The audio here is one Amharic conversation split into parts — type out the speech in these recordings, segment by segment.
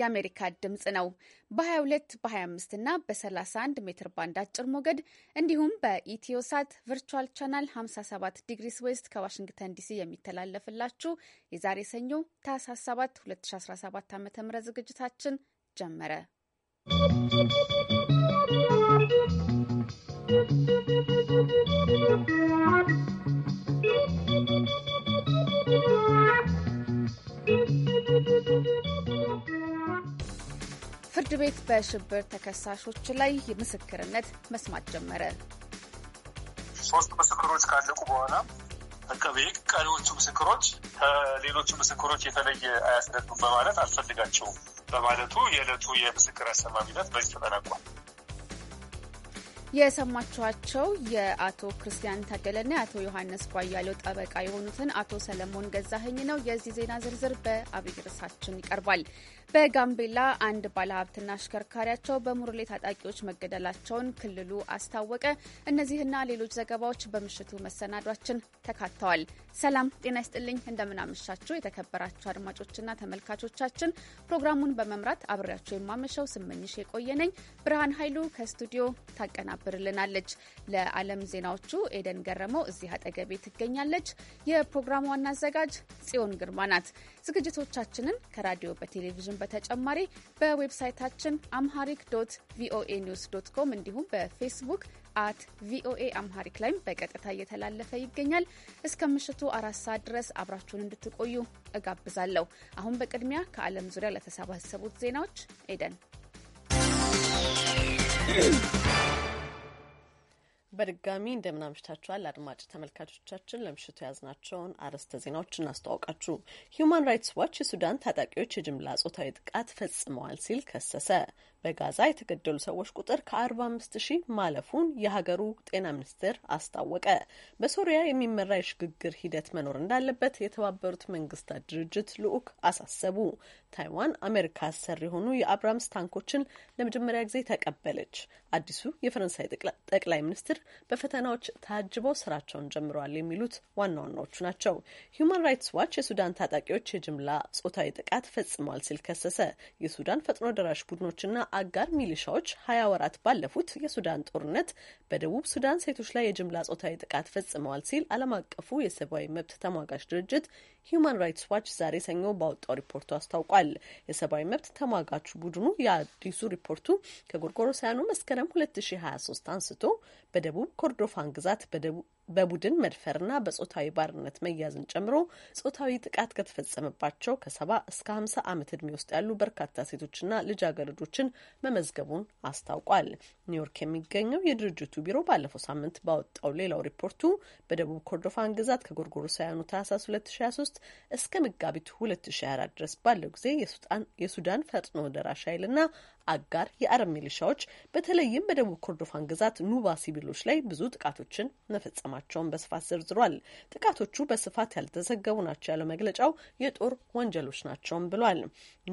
የአሜሪካ ድምፅ ነው። በ22 በ25 እና በ31 ሜትር ባንድ አጭር ሞገድ እንዲሁም በኢትዮሳት ቨርቹዋል ቻናል 57 ዲግሪስ ዌስት ከዋሽንግተን ዲሲ የሚተላለፍላችሁ የዛሬ ሰኞ ታህሳስ 7 2017 ዓ ም ዝግጅታችን ጀመረ። ¶¶ ፍርድ ቤት በሽብር ተከሳሾች ላይ ምስክርነት መስማት ጀመረ። ሶስቱ ምስክሮች ካለቁ በኋላ አቃቤ ሕግ ቀሪዎቹ ምስክሮች ከሌሎቹ ምስክሮች የተለየ አያስረዱም በማለት አልፈልጋቸውም በማለቱ የዕለቱ የምስክር አሰማሚነት በዚህ ተጠናቋል። የሰማችኋቸው የአቶ ክርስቲያን ታደለና የአቶ ዮሐንስ ቧያለው ጠበቃ የሆኑትን አቶ ሰለሞን ገዛኸኝ ነው። የዚህ ዜና ዝርዝር በአብይ ርዕሳችን ይቀርባል። በጋምቤላ አንድ ባለሀብትና አሽከርካሪያቸው በሙርሌ ታጣቂዎች መገደላቸውን ክልሉ አስታወቀ። እነዚህና ሌሎች ዘገባዎች በምሽቱ መሰናዷችን ተካተዋል። ሰላም ጤና ይስጥልኝ፣ እንደምናመሻችሁ የተከበራችሁ አድማጮችና ተመልካቾቻችን። ፕሮግራሙን በመምራት አብሬያቸው የማመሸው ስመኝሽ የቆየነኝ ብርሃን ኃይሉ ከስቱዲዮ ታቀናል ታቀናብርልናለች። ለዓለም ዜናዎቹ ኤደን ገረመው እዚህ አጠገቤ ትገኛለች። የፕሮግራሙ ዋና አዘጋጅ ጽዮን ግርማ ናት። ዝግጅቶቻችንን ከራዲዮ በቴሌቪዥን በተጨማሪ በዌብሳይታችን አምሃሪክ ዶት ቪኦኤ ኒውስ ዶት ኮም እንዲሁም በፌስቡክ አት ቪኦኤ አምሃሪክ ላይም በቀጥታ እየተላለፈ ይገኛል። እስከ ምሽቱ አራት ሰዓት ድረስ አብራችሁን እንድትቆዩ እጋብዛለሁ። አሁን በቅድሚያ ከዓለም ዙሪያ ለተሰባሰቡት ዜናዎች ኤደን በድጋሚ እንደምናምሽታችኋል አድማጭ ተመልካቾቻችን። ለምሽቱ የያዝናቸውን አርዕስተ ዜናዎች እናስተዋውቃችሁ። ሂዩማን ራይትስ ዋች የሱዳን ታጣቂዎች የጅምላ ጾታዊ ጥቃት ፈጽመዋል ሲል ከሰሰ። በጋዛ የተገደሉ ሰዎች ቁጥር ከ45 ሺህ ማለፉን የሀገሩ ጤና ሚኒስቴር አስታወቀ። በሶሪያ የሚመራ የሽግግር ሂደት መኖር እንዳለበት የተባበሩት መንግስታት ድርጅት ልዑክ አሳሰቡ። ታይዋን አሜሪካ አሰር የሆኑ የአብራምስ ታንኮችን ለመጀመሪያ ጊዜ ተቀበለች። አዲሱ የፈረንሳይ ጠቅላይ ሚኒስትር በፈተናዎች ታጅበው ስራቸውን ጀምረዋል የሚሉት ዋና ዋናዎቹ ናቸው። ሁማን ራይትስ ዋች የሱዳን ታጣቂዎች የጅምላ ጾታዊ ጥቃት ፈጽመዋል ሲል ከሰሰ። የሱዳን ፈጥኖ ደራሽ ቡድኖችና አጋር ሚሊሻዎች ሀያ ወራት ባለፉት የሱዳን ጦርነት በደቡብ ሱዳን ሴቶች ላይ የጅምላ ጾታዊ ጥቃት ፈጽመዋል ሲል ዓለም አቀፉ የሰብአዊ መብት ተሟጋች ድርጅት ሂዩማን ራይትስ ዋች ዛሬ ሰኞ ባወጣው ሪፖርቱ አስታውቋል። የሰብአዊ መብት ተሟጋቹ ቡድኑ የአዲሱ ሪፖርቱ ከጎርጎሮሳያኑ መስከረም 2023 አንስቶ በደቡብ ኮርዶፋን ግዛት በቡድን መድፈርና በጾታዊ ባርነት መያዝን ጨምሮ ጾታዊ ጥቃት ከተፈጸመባቸው ከሰባ እስከ ሀምሳ ዓመት ዕድሜ ውስጥ ያሉ በርካታ ሴቶችና ልጃገረዶችን መመዝገቡን አስታውቋል። ኒውዮርክ የሚገኘው የድርጅቱ ቢሮ ባለፈው ሳምንት ባወጣው ሌላው ሪፖርቱ በደቡብ ኮርዶፋን ግዛት ከጎርጎሮሳውያኑ ታህሳስ 2023 እስከ መጋቢት 2024 ድረስ ባለው ጊዜ የሱዳን ፈጥኖ ደራሽ ኃይልና አጋር የአረብ ሚሊሻዎች በተለይም በደቡብ ኮርዶፋን ግዛት ኑባ ሲቪሎች ላይ ብዙ ጥቃቶችን መፈጸማቸውን በስፋት ዘርዝሯል። ጥቃቶቹ በስፋት ያልተዘገቡ ናቸው ያለው መግለጫው የጦር ወንጀሎች ናቸውም ብሏል።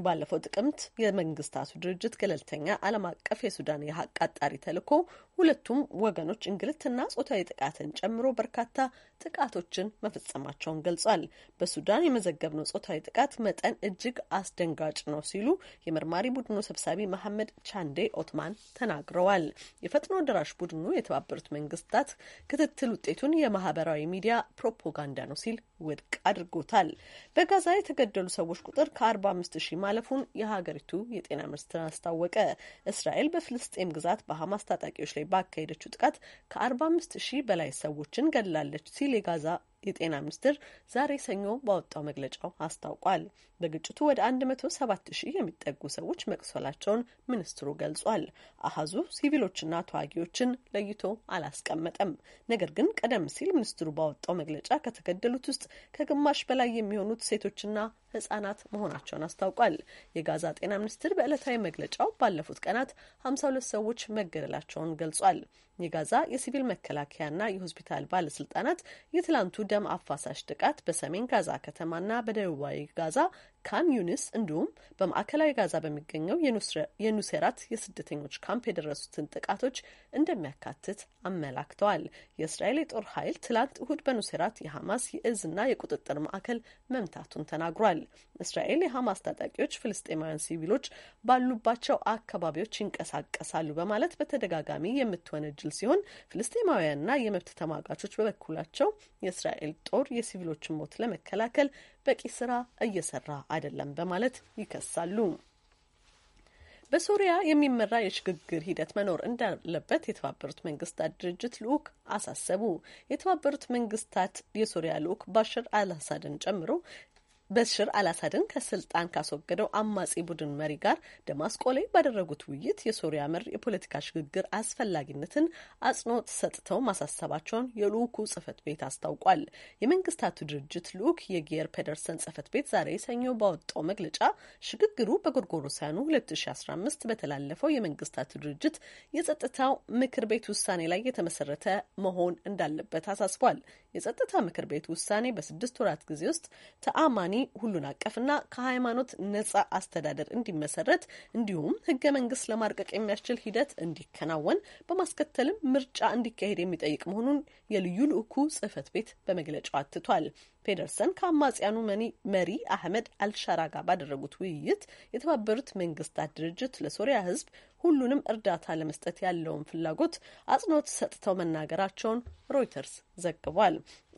ባለፈው ጥቅምት የመንግስታቱ ድርጅት ገለልተኛ ዓለም አቀፍ የሱዳን የሀቅ አጣሪ ተልዕኮ ሁለቱም ወገኖች እንግልትና ጾታዊ ጥቃትን ጨምሮ በርካታ ጥቃቶችን መፈጸማቸውን ገልጿል። በሱዳን የመዘገብነው ጾታዊ ጥቃት መጠን እጅግ አስደንጋጭ ነው ሲሉ የመርማሪ ቡድኑ ሰብሳቢ መሐመድ ቻንዴ ኦትማን ተናግረዋል። የፈጥኖ ደራሽ ቡድኑ የተባበሩት መንግስታት ክትትል ውጤቱን የማህበራዊ ሚዲያ ፕሮፓጋንዳ ነው ሲል ውድቅ አድርጎታል። በጋዛ የተገደሉ ሰዎች ቁጥር ከ45 ሺህ ማለፉን የሀገሪቱ የጤና ሚኒስትር አስታወቀ። እስራኤል በፍልስጤም ግዛት በሐማስ ታጣቂዎች ላይ ባካሄደችው ጥቃት ከ45 ሺህ በላይ ሰዎችን ገድላለች ሲል የጋዛ የጤና ሚኒስቴር ዛሬ ሰኞ ባወጣው መግለጫው አስታውቋል። በግጭቱ ወደ 107 ሺህ የሚጠጉ ሰዎች መቁሰላቸውን ሚኒስትሩ ገልጿል። አሀዙ ሲቪሎችና ተዋጊዎችን ለይቶ አላስቀመጠም። ነገር ግን ቀደም ሲል ሚኒስትሩ ባወጣው መግለጫ ከተገደሉት ውስጥ ከግማሽ በላይ የሚሆኑት ሴቶችና ህጻናት መሆናቸውን አስታውቋል። የጋዛ ጤና ሚኒስቴር በዕለታዊ መግለጫው ባለፉት ቀናት 52 ሰዎች መገደላቸውን ገልጿል። የጋዛ የሲቪል መከላከያና የሆስፒታል ባለስልጣናት የትላንቱ ደም አፋሳሽ ጥቃት በሰሜን ጋዛ ከተማና በደቡባዊ ጋዛ ካን ዩኒስ እንዲሁም በማዕከላዊ ጋዛ በሚገኘው የኑሴራት የስደተኞች ካምፕ የደረሱትን ጥቃቶች እንደሚያካትት አመላክተዋል። የእስራኤል የጦር ኃይል ትላንት እሁድ በኑሴራት የሐማስ የእዝና የቁጥጥር ማዕከል መምታቱን ተናግሯል። እስራኤል የሐማስ ታጣቂዎች ፍልስጤማውያን ሲቪሎች ባሉባቸው አካባቢዎች ይንቀሳቀሳሉ በማለት በተደጋጋሚ የምትወነጅል ሲሆን ፍልስጤማውያንና የመብት ተሟጋቾች በበኩላቸው የእስራኤል ጦር የሲቪሎችን ሞት ለመከላከል በቂ ስራ እየሰራ አይደለም በማለት ይከሳሉ። በሶሪያ የሚመራ የሽግግር ሂደት መኖር እንዳለበት የተባበሩት መንግስታት ድርጅት ልዑክ አሳሰቡ። የተባበሩት መንግስታት የሶሪያ ልዑክ ባሽር አልአሳድን ጨምሮ በሽር አላሳድን ከስልጣን ካስወገደው አማጺ ቡድን መሪ ጋር ደማስቆ ላይ ባደረጉት ውይይት የሶሪያ መር የፖለቲካ ሽግግር አስፈላጊነትን አጽንኦት ሰጥተው ማሳሰባቸውን የልዑኩ ጽህፈት ቤት አስታውቋል። የመንግስታቱ ድርጅት ልዑክ የጊየር ፔደርሰን ጽህፈት ቤት ዛሬ ሰኞ ባወጣው መግለጫ ሽግግሩ በጎርጎሮሳውያኑ 2015 በተላለፈው የመንግስታቱ ድርጅት የጸጥታው ምክር ቤት ውሳኔ ላይ የተመሰረተ መሆን እንዳለበት አሳስቧል። የጸጥታ ምክር ቤት ውሳኔ በስድስት ወራት ጊዜ ውስጥ ተአማኒ ተቃራኒ ሁሉን አቀፍና ከሃይማኖት ነጻ አስተዳደር እንዲመሰረት እንዲሁም ህገ መንግስት ለማርቀቅ የሚያስችል ሂደት እንዲከናወን በማስከተልም ምርጫ እንዲካሄድ የሚጠይቅ መሆኑን የልዩ ልኡኩ ጽህፈት ቤት በመግለጫው አትቷል። ፔደርሰን ከአማጽያኑ መሪ አህመድ አልሻራ ጋር ባደረጉት ውይይት የተባበሩት መንግስታት ድርጅት ለሶሪያ ህዝብ ሁሉንም እርዳታ ለመስጠት ያለውን ፍላጎት አጽንኦት ሰጥተው መናገራቸውን ሮይተርስ ዘግቧል።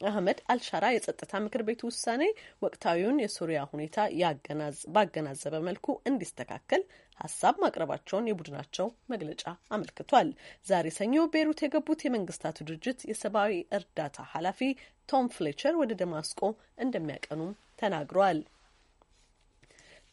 አህመድ አልሻራ የጸጥታ ምክር ቤት ውሳኔ ወቅታዊውን የሶሪያ ሁኔታ ባገናዘበ መልኩ እንዲስተካከል ሀሳብ ማቅረባቸውን የቡድናቸው መግለጫ አመልክቷል። ዛሬ ሰኞ ቤሩት የገቡት የመንግስታቱ ድርጅት የሰብአዊ እርዳታ ኃላፊ ቶም ፍሌቸር ወደ ደማስቆ እንደሚያቀኑም ተናግሯል።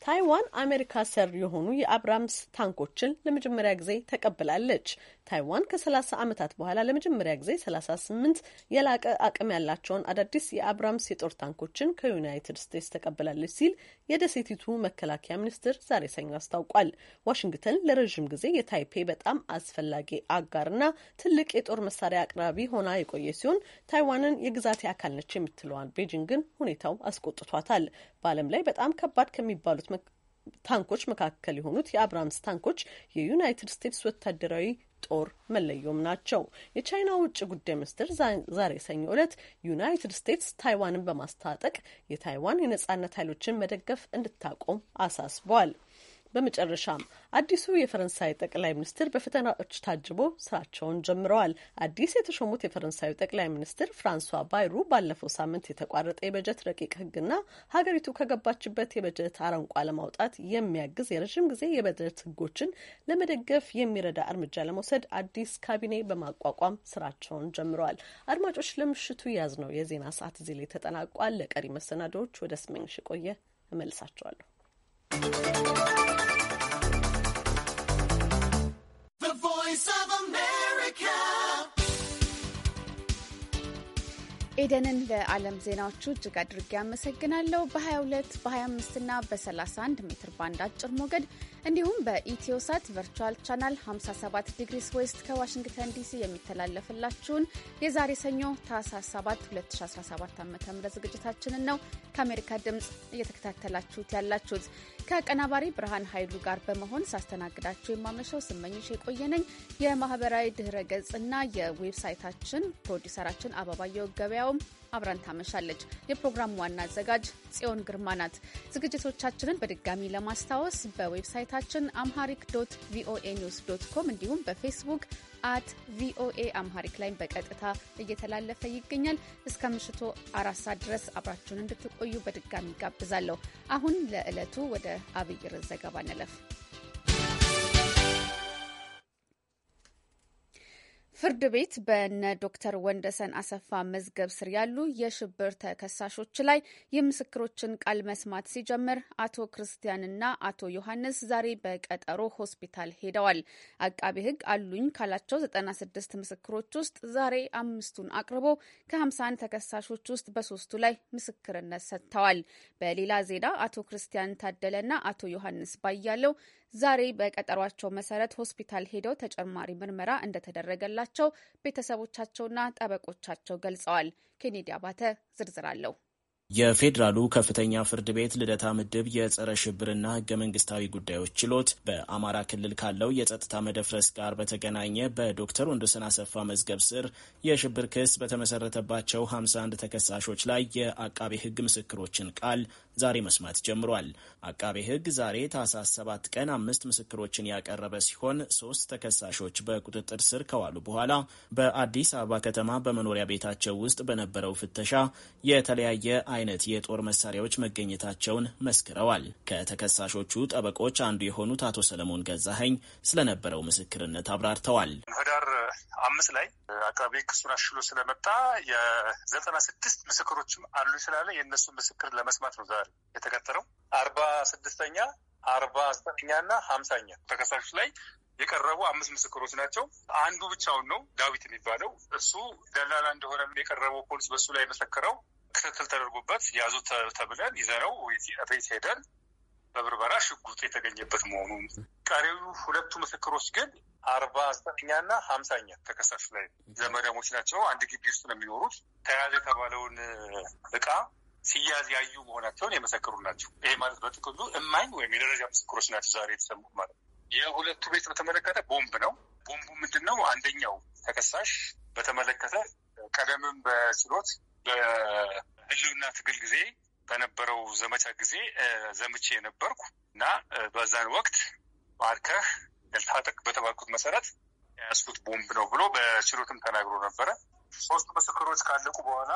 ታይዋን አሜሪካ ሰር የሆኑ የአብራምስ ታንኮችን ለመጀመሪያ ጊዜ ተቀብላለች። ታይዋን ከ30 ዓመታት በኋላ ለመጀመሪያ ጊዜ 38 የላቀ አቅም ያላቸውን አዳዲስ የአብራምስ የጦር ታንኮችን ከዩናይትድ ስቴትስ ተቀብላለች ሲል የደሴቲቱ መከላከያ ሚኒስትር ዛሬ ሰኞ አስታውቋል። ዋሽንግተን ለረዥም ጊዜ የታይፔ በጣም አስፈላጊ አጋርና ትልቅ የጦር መሳሪያ አቅራቢ ሆና የቆየ ሲሆን ታይዋንን የግዛቴ አካል ነች የምትለዋን ቤጂንግ ግን ሁኔታው አስቆጥቷታል። በዓለም ላይ በጣም ከባድ ከሚባሉት ታንኮች መካከል የሆኑት የአብራምስ ታንኮች የዩናይትድ ስቴትስ ወታደራዊ ጦር መለዮም ናቸው። የቻይና ውጭ ጉዳይ ሚኒስትር ዛሬ ሰኞ ዕለት ዩናይትድ ስቴትስ ታይዋንን በማስታጠቅ የታይዋን የነጻነት ኃይሎችን መደገፍ እንድታቆም አሳስበዋል። በመጨረሻም አዲሱ የፈረንሳይ ጠቅላይ ሚኒስትር በፈተናዎች ታጅቦ ስራቸውን ጀምረዋል። አዲስ የተሾሙት የፈረንሳዩ ጠቅላይ ሚኒስትር ፍራንሷ ባይሩ ባለፈው ሳምንት የተቋረጠ የበጀት ረቂቅ ሕግና ሀገሪቱ ከገባችበት የበጀት አረንቋ ለማውጣት የሚያግዝ የረዥም ጊዜ የበጀት ሕጎችን ለመደገፍ የሚረዳ እርምጃ ለመውሰድ አዲስ ካቢኔ በማቋቋም ስራቸውን ጀምረዋል። አድማጮች፣ ለምሽቱ ያዝ ነው የዜና ሰዓት እዚህ ላይ ተጠናቋል። ለቀሪ መሰናዶዎች ወደ ስመኝሽ ቆየ እመልሳቸዋለሁ። ኤደንን ለዓለም ዜናዎቹ እጅግ አድርጌ አመሰግናለሁ። በ22 በ25 እና በ31 ሜትር ባንድ አጭር ሞገድ እንዲሁም በኢትዮሳት ቨርቹዋል ቻናል 57 ዲግሪስ ዌስት ከዋሽንግተን ዲሲ የሚተላለፍላችሁን የዛሬ ሰኞ ታህሳስ 7 2017 ዓ ም ዝግጅታችንን ነው ከአሜሪካ ድምፅ እየተከታተላችሁት ያላችሁት። ከአቀናባሪ ብርሃን ኃይሉ ጋር በመሆን ሳስተናግዳችሁ የማመሸው ስመኝሽ የቆየነኝ። የማህበራዊ ድህረ ገጽና የዌብሳይታችን ፕሮዲሰራችን አበባየው ገበያው ጨዋታውም አብራን ታመሻለች። የፕሮግራሙ ዋና አዘጋጅ ጽዮን ግርማ ናት። ዝግጅቶቻችንን በድጋሚ ለማስታወስ በዌብሳይታችን አምሃሪክ ዶት ቪኦኤ ኒውስ ዶት ኮም እንዲሁም በፌስቡክ አት ቪኦኤ አምሃሪክ ላይ በቀጥታ እየተላለፈ ይገኛል። እስከ ምሽቱ አራት ሰዓት ድረስ አብራችሁን እንድትቆዩ በድጋሚ ጋብዛለሁ። አሁን ለዕለቱ ወደ አብይ ርዕስ ዘገባ እንለፍ። ፍርድ ቤት በነ ዶክተር ወንደሰን አሰፋ መዝገብ ስር ያሉ የሽብር ተከሳሾች ላይ የምስክሮችን ቃል መስማት ሲጀምር አቶ ክርስቲያንና አቶ ዮሐንስ ዛሬ በቀጠሮ ሆስፒታል ሄደዋል። አቃቢ ሕግ አሉኝ ካላቸው 96 ምስክሮች ውስጥ ዛሬ አምስቱን አቅርቦ ከ51 ተከሳሾች ውስጥ በሶስቱ ላይ ምስክርነት ሰጥተዋል። በሌላ ዜና አቶ ክርስቲያን ታደለና አቶ ዮሐንስ ባያለው ዛሬ በቀጠሯቸው መሰረት ሆስፒታል ሄደው ተጨማሪ ምርመራ እንደተደረገላቸው ቤተሰቦቻቸውና ጠበቆቻቸው ገልጸዋል። ኬኔዲ አባተ ዝርዝር አለው። የፌዴራሉ ከፍተኛ ፍርድ ቤት ልደታ ምድብ የጸረ ሽብርና ህገ መንግስታዊ ጉዳዮች ችሎት በአማራ ክልል ካለው የጸጥታ መደፍረስ ጋር በተገናኘ በዶክተር ወንዶሰን አሰፋ መዝገብ ስር የሽብር ክስ በተመሰረተባቸው 51 ተከሳሾች ላይ የአቃቤ ሕግ ምስክሮችን ቃል ዛሬ መስማት ጀምሯል። አቃቤ ሕግ ዛሬ ታህሳስ 7 ቀን አምስት ምስክሮችን ያቀረበ ሲሆን ሶስት ተከሳሾች በቁጥጥር ስር ከዋሉ በኋላ በአዲስ አበባ ከተማ በመኖሪያ ቤታቸው ውስጥ በነበረው ፍተሻ የተለያየ አይነት የጦር መሳሪያዎች መገኘታቸውን መስክረዋል። ከተከሳሾቹ ጠበቆች አንዱ የሆኑት አቶ ሰለሞን ገዛኸኝ ስለነበረው ምስክርነት አብራርተዋል። ህዳር አምስት ላይ አቃቤ ክሱን አሽሎ ስለመጣ የዘጠና ስድስት ምስክሮችም አሉ ስላለ የእነሱ ምስክር ለመስማት ነው የተከተለው አርባ ስድስተኛ አርባ ዘጠነኛ እና ሀምሳኛ ተከሳሾች ላይ የቀረቡ አምስት ምስክሮች ናቸው። አንዱ ብቻውን ነው ዳዊት የሚባለው እሱ ደላላ እንደሆነ የቀረበው ፖሊስ በሱ ላይ መሰከረው። ክትትል ተደርጎበት ያዙ ተብለን ይዘነው ቤት ሄደን በብርበራ ሽጉጥ የተገኘበት መሆኑን ቀሪው ሁለቱ ምስክሮች ግን አርባ ዘጠነኛ እና ሀምሳኛ ተከሳሽ ላይ ዘመዳሞች ናቸው። አንድ ግቢ ውስጥ ነው የሚኖሩት። ተያዘ የተባለውን እቃ ሲያዝ ያዩ መሆናቸውን የመሰክሩ ናቸው። ይሄ ማለት በጥቅሉ እማኝ ወይም የደረጃ ምስክሮች ናቸው ዛሬ የተሰሙት ማለት ነው። የሁለቱ ቤት በተመለከተ ቦምብ ነው። ቦምቡ ምንድን ነው? አንደኛው ተከሳሽ በተመለከተ ቀደምም በችሎት በህልውና ትግል ጊዜ በነበረው ዘመቻ ጊዜ ዘምቼ የነበርኩ እና በዛን ወቅት ባርከህ ልታጠቅ በተባልኩት መሰረት የያዝኩት ቦምብ ነው ብሎ በችሎትም ተናግሮ ነበረ። ሶስቱ ምስክሮች ካለቁ በኋላ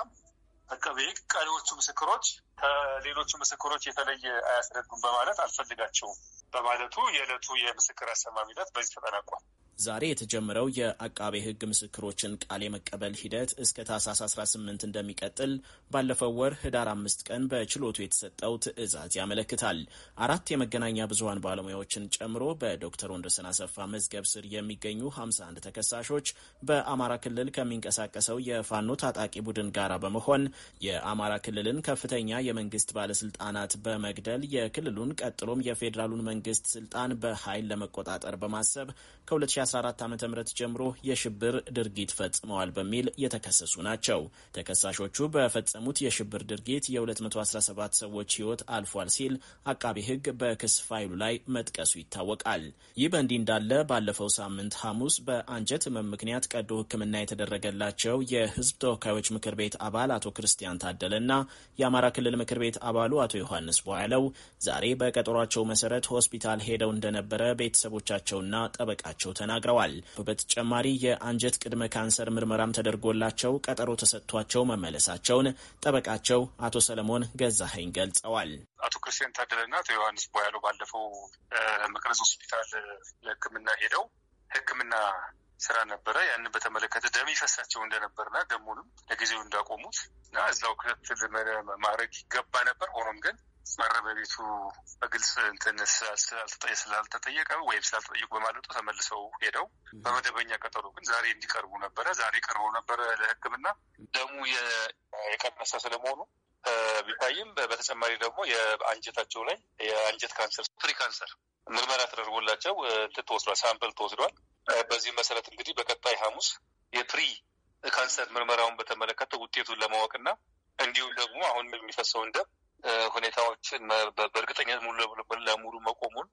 አቃቤ ሕግ ቀሪዎቹ ምስክሮች ከሌሎቹ ምስክሮች የተለየ አያስረዱም በማለት አልፈልጋቸውም በማለቱ የዕለቱ የምስክር አሰማሚ በዚህ ተጠናቋል። ዛሬ የተጀመረው የአቃቤ ሕግ ምስክሮችን ቃል የመቀበል ሂደት እስከ ታህሳስ 18 እንደሚቀጥል ባለፈው ወር ህዳር አምስት ቀን በችሎቱ የተሰጠው ትዕዛዝ ያመለክታል። አራት የመገናኛ ብዙሀን ባለሙያዎችን ጨምሮ በዶክተር ወንደሰን አሰፋ መዝገብ ስር የሚገኙ 51 ተከሳሾች በአማራ ክልል ከሚንቀሳቀሰው የፋኖ ታጣቂ ቡድን ጋር በመሆን የአማራ ክልልን ከፍተኛ የመንግስት ባለስልጣናት በመግደል የክልሉን ቀጥሎም የፌዴራሉን መንግስት ስልጣን በኃይል ለመቆጣጠር በማሰብ ከ 2014 ዓ ም ጀምሮ የሽብር ድርጊት ፈጽመዋል በሚል የተከሰሱ ናቸው። ተከሳሾቹ በፈጸሙት የሽብር ድርጊት የ217 ሰዎች ህይወት አልፏል ሲል አቃቢ ህግ በክስ ፋይሉ ላይ መጥቀሱ ይታወቃል። ይህ በእንዲህ እንዳለ ባለፈው ሳምንት ሐሙስ በአንጀት ህመም ምክንያት ቀዶ ህክምና የተደረገላቸው የህዝብ ተወካዮች ምክር ቤት አባል አቶ ክርስቲያን ታደለና የአማራ ክልል ምክር ቤት አባሉ አቶ ዮሐንስ በኋለው ዛሬ በቀጠሯቸው መሰረት ሆስፒታል ሄደው እንደነበረ ቤተሰቦቻቸውና ጠበቃቸው ተናግረዋል። ተናግረዋል። በተጨማሪ የአንጀት ቅድመ ካንሰር ምርመራም ተደርጎላቸው ቀጠሮ ተሰጥቷቸው መመለሳቸውን ጠበቃቸው አቶ ሰለሞን ገዛኸኝ ገልጸዋል። አቶ ክርስቲያን ታደለና አቶ ዮሐንስ ቦያሎ ባለፈው መቅረዝ ሆስፒታል ለሕክምና ሄደው ሕክምና ስራ ነበረ። ያንን በተመለከተ ደም ይፈሳቸው እንደነበርና ደሙንም ለጊዜው እንዳቆሙት እና እዛው ክትትል ማድረግ ይገባ ነበር። ሆኖም ግን መረበቤቱ በግልጽ እንትን ስላልተጠየቀ ወይም ስላልተጠየቁ በማለጡ ተመልሰው ሄደው በመደበኛ ቀጠሮ ግን ዛሬ እንዲቀርቡ ነበረ። ዛሬ ቀርበው ነበረ ለሕክምና ደሙ የቀነሰ ስለመሆኑ ቢታይም በተጨማሪ ደግሞ የአንጀታቸው ላይ የአንጀት ካንሰር ፍሪ ካንሰር ምርመራ ተደርጎላቸው ተወስዷል፣ ሳምፕል ተወስዷል። በዚህ መሰረት እንግዲህ በቀጣይ ሐሙስ የፕሪ ካንሰር ምርመራውን በተመለከተ ውጤቱን ለማወቅና እንዲሁም ደግሞ አሁን የሚፈሰውን ደም ሁኔታዎችን በእርግጠኝነት ሙሉ ለሙሉ መቆሙን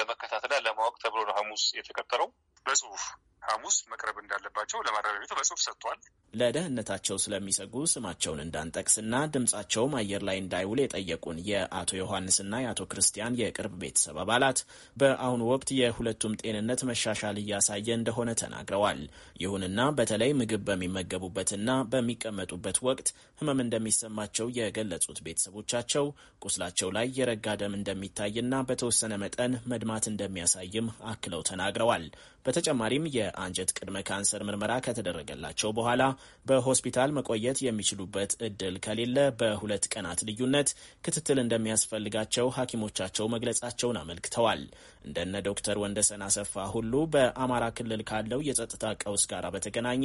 ለመከታተልና ለማወቅ ተብሎ ነው ሐሙስ የተቀጠረው። በጽሁፍ ሐሙስ መቅረብ እንዳለባቸው ለማረሚያ ቤቱ በጽሁፍ ሰጥቷል። ለደህንነታቸው ስለሚሰጉ ስማቸውን እንዳንጠቅስና ድምጻቸውም አየር ላይ እንዳይውል የጠየቁን የአቶ ዮሐንስና የአቶ ክርስቲያን የቅርብ ቤተሰብ አባላት በአሁኑ ወቅት የሁለቱም ጤንነት መሻሻል እያሳየ እንደሆነ ተናግረዋል። ይሁንና በተለይ ምግብ በሚመገቡበትና በሚቀመጡበት ወቅት ህመም እንደሚሰማቸው የገለጹት ቤተሰቦቻቸው ቁስላቸው ላይ የረጋ ደም እንደሚታይና በተወሰነ መጠን መድማት እንደሚያሳይም አክለው ተናግረዋል። በተጨማሪም የአንጀት ቅድመ ካንሰር ምርመራ ከተደረገላቸው በኋላ በሆስፒታል መቆየት የሚችሉበት እድል ከሌለ በሁለት ቀናት ልዩነት ክትትል እንደሚያስፈልጋቸው ሐኪሞቻቸው መግለጻቸውን አመልክተዋል። እንደነ ዶክተር ወንደሰን አሰፋ ሁሉ በአማራ ክልል ካለው የጸጥታ ቀውስ ጋር በተገናኘ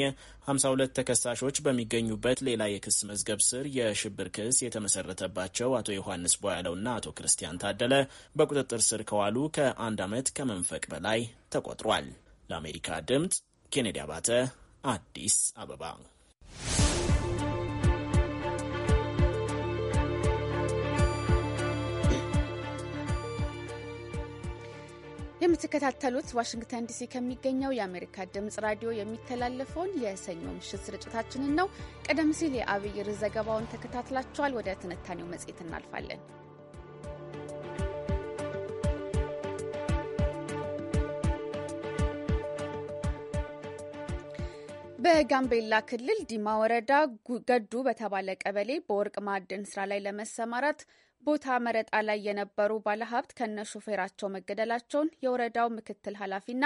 52 ተከሳሾች በሚገኙበት ሌላ የክስ መዝገብ ስር የሽብር ክስ የተመሰረተባቸው አቶ ዮሐንስ ቦያለውና አቶ ክርስቲያን ታደለ በቁጥጥር ስር ከዋሉ ከአንድ ዓመት ከመንፈቅ በላይ ተቆጥሯል። ለአሜሪካ ድምፅ ኬኔዲ አባተ አዲስ አበባ የምትከታተሉት ዋሽንግተን ዲሲ ከሚገኘው የአሜሪካ ድምጽ ራዲዮ የሚተላለፈውን የሰኞ ምሽት ስርጭታችንን ነው። ቀደም ሲል የአብይ ርዕስ ዘገባውን ተከታትላችኋል። ወደ ትንታኔው መጽሔት እናልፋለን። በጋምቤላ ክልል ዲማ ወረዳ ገዱ በተባለ ቀበሌ በወርቅ ማዕድን ስራ ላይ ለመሰማራት ቦታ መረጣ ላይ የነበሩ ባለሀብት ከነ ሹፌራቸው መገደላቸውን የወረዳው ምክትል ኃላፊና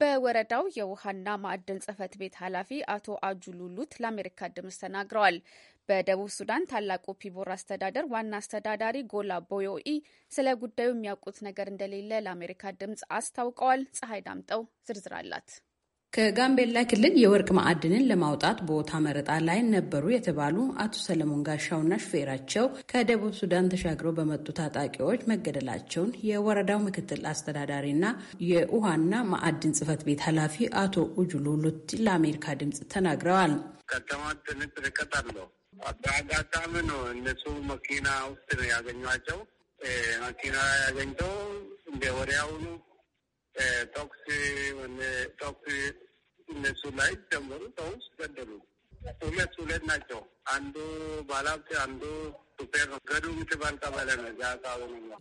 በወረዳው የውሃና ማዕድን ጽህፈት ቤት ኃላፊ አቶ አጁሉሉት ለአሜሪካ ድምፅ ተናግረዋል። በደቡብ ሱዳን ታላቁ ፒቦር አስተዳደር ዋና አስተዳዳሪ ጎላ ቦዮኢ ስለ ጉዳዩ የሚያውቁት ነገር እንደሌለ ለአሜሪካ ድምፅ አስታውቀዋል። ፀሐይ ዳምጠው ዝርዝር አላት። ከጋምቤላ ክልል የወርቅ ማዕድንን ለማውጣት ቦታ መረጣ ላይ ነበሩ የተባሉ አቶ ሰለሞን ጋሻውና ሹፌራቸው ከደቡብ ሱዳን ተሻግረው በመጡ ታጣቂዎች መገደላቸውን የወረዳው ምክትል አስተዳዳሪና የውሃና ማዕድን ጽህፈት ቤት ኃላፊ አቶ ኡጁሉ ሉቲ ለአሜሪካ ድምፅ ተናግረዋል። ከተማ ትንሽ ርቀት አለው። በአጋጣሚ ነው እነሱ መኪና ውስጥ ነው ያገኟቸው። መኪና ያገኝተው እንደ ወዲያውኑ ተኩስ ተኩስ እነሱ ላይ ጀመሩ። ሰዎች ገደሉ። ሁለት ሁለት ናቸው። አንዱ ባለሀብት አንዱ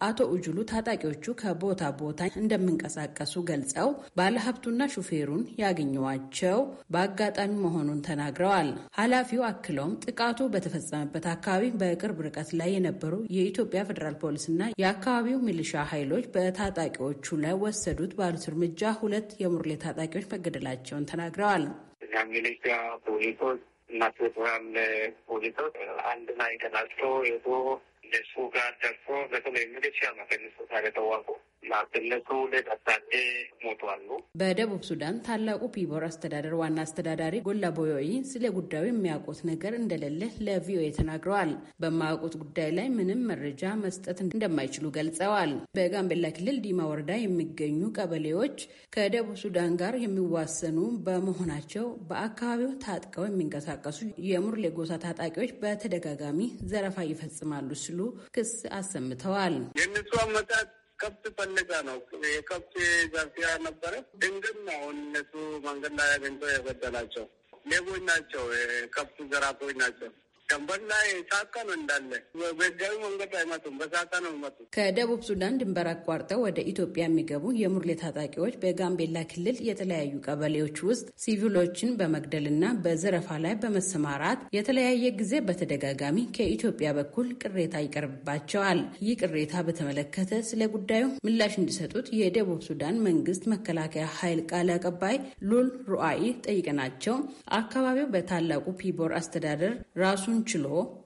አቶ እጁሉ ታጣቂዎቹ ከቦታ ቦታ እንደሚንቀሳቀሱ ገልጸው ባለሀብቱና ሹፌሩን ያገኘዋቸው በአጋጣሚ መሆኑን ተናግረዋል። ኃላፊው አክለውም ጥቃቱ በተፈጸመበት አካባቢ በቅርብ ርቀት ላይ የነበሩ የኢትዮጵያ ፌዴራል ፖሊስና የአካባቢው ሚሊሻ ኃይሎች በታጣቂዎቹ ላይ ወሰዱት ባሉት እርምጃ ሁለት የሙርሌ ታጣቂዎች መገደላቸውን ተናግረዋል። የአንጌሊካ ፖሊሶች እና ፌዴራል ፖሊሶች አንድ ላይ ተናግቶ የቶ እነሱ ጋር ደርሶ በተለይ ሚሊሺያ መቀንሱ ታደተዋቁ ላብነቱ ለታሳዴ ሞቷሉ። በደቡብ ሱዳን ታላቁ ፒቦር አስተዳደር ዋና አስተዳዳሪ ጎላ ቦዮይ ስለ ጉዳዩ የሚያውቁት ነገር እንደሌለ ለቪኦኤ ተናግረዋል። በማያውቁት ጉዳይ ላይ ምንም መረጃ መስጠት እንደማይችሉ ገልጸዋል። በጋምቤላ ክልል ዲማ ወረዳ የሚገኙ ቀበሌዎች ከደቡብ ሱዳን ጋር የሚዋሰኑ በመሆናቸው በአካባቢው ታጥቀው የሚንቀሳቀሱ የሙርሌ ጎሳ ታጣቂዎች በተደጋጋሚ ዘረፋ ይፈጽማሉ ሲሉ ክስ አሰምተዋል። የእነሱ አመጣት ከብት ፈልጋ ነው የከብት ዛፊያ ነበረ። ድንግም አሁን እነሱ መንገድ ላይ አግኝቶ የገደላቸው ሌቦች ናቸው፣ ከብት ዘራፊዎች ናቸው። ሸንበላ ሳካ ነው እንዳለ በህጋዊ መንገድ አይመጡም፣ በሳካ ነው ከደቡብ ሱዳን ድንበር አቋርጠው ወደ ኢትዮጵያ የሚገቡ የሙርሌ ታጣቂዎች በጋምቤላ ክልል የተለያዩ ቀበሌዎች ውስጥ ሲቪሎችን በመግደልና በዘረፋ ላይ በመሰማራት የተለያየ ጊዜ በተደጋጋሚ ከኢትዮጵያ በኩል ቅሬታ ይቀርብባቸዋል። ይህ ቅሬታ በተመለከተ ስለ ጉዳዩ ምላሽ እንዲሰጡት የደቡብ ሱዳን መንግስት መከላከያ ኃይል ቃል አቀባይ ሉል ሩአይ ጠይቀናቸው አካባቢው በታላቁ ፒቦር አስተዳደር ራሱን ራሱን ችሎ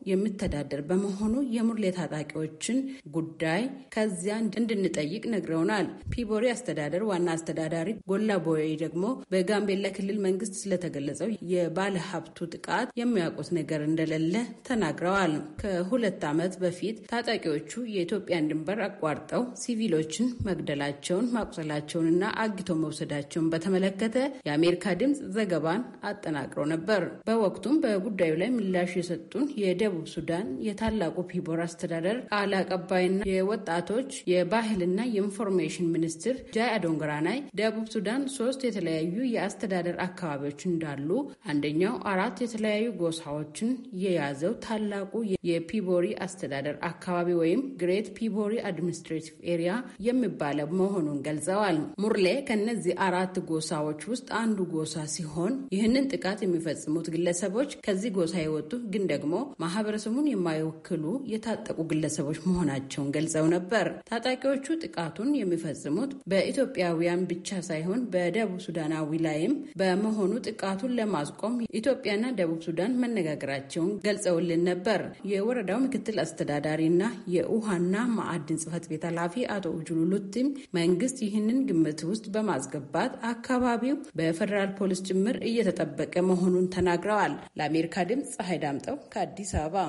የሚተዳደር በመሆኑ የሙርሌ ታጣቂዎችን ጉዳይ ከዚያ እንድንጠይቅ ነግረውናል። ፒቦሪ አስተዳደር ዋና አስተዳዳሪ ጎላ ቦይ ደግሞ በጋምቤላ ክልል መንግስት ስለተገለጸው የባለ ሀብቱ ጥቃት የሚያውቁት ነገር እንደሌለ ተናግረዋል። ከሁለት ዓመት በፊት ታጣቂዎቹ የኢትዮጵያን ድንበር አቋርጠው ሲቪሎችን መግደላቸውን ማቁሰላቸውንና አግቶ መውሰዳቸውን በተመለከተ የአሜሪካ ድምፅ ዘገባን አጠናቅረው ነበር። በወቅቱም በጉዳዩ ላይ ምላሽ የሰጡ የሰጡን የደቡብ ሱዳን የታላቁ ፒቦር አስተዳደር ቃል አቀባይና የወጣቶች የባህልና የኢንፎርሜሽን ሚኒስትር ጃይ አዶንግራናይ ደቡብ ሱዳን ሶስት የተለያዩ የአስተዳደር አካባቢዎች እንዳሉ፣ አንደኛው አራት የተለያዩ ጎሳዎችን የያዘው ታላቁ የፒቦሪ አስተዳደር አካባቢ ወይም ግሬት ፒቦሪ አድሚኒስትሬቲቭ ኤሪያ የሚባለው መሆኑን ገልጸዋል። ሙርሌ ከነዚህ አራት ጎሳዎች ውስጥ አንዱ ጎሳ ሲሆን ይህንን ጥቃት የሚፈጽሙት ግለሰቦች ከዚህ ጎሳ የወጡ ግን ደግሞ ማህበረሰቡን የማይወክሉ የታጠቁ ግለሰቦች መሆናቸውን ገልጸው ነበር። ታጣቂዎቹ ጥቃቱን የሚፈጽሙት በኢትዮጵያውያን ብቻ ሳይሆን በደቡብ ሱዳናዊ ላይም በመሆኑ ጥቃቱን ለማስቆም ኢትዮጵያና ደቡብ ሱዳን መነጋገራቸውን ገልጸውልን ነበር። የወረዳው ምክትል አስተዳዳሪና የውሃና ማዕድን ጽህፈት ቤት ኃላፊ አቶ ኡጅሉሉቲም መንግስት ይህንን ግምት ውስጥ በማስገባት አካባቢው በፌዴራል ፖሊስ ጭምር እየተጠበቀ መሆኑን ተናግረዋል። ለአሜሪካ ድምፅ ፀሐይ ዳምጠው ከአዲስ አበባ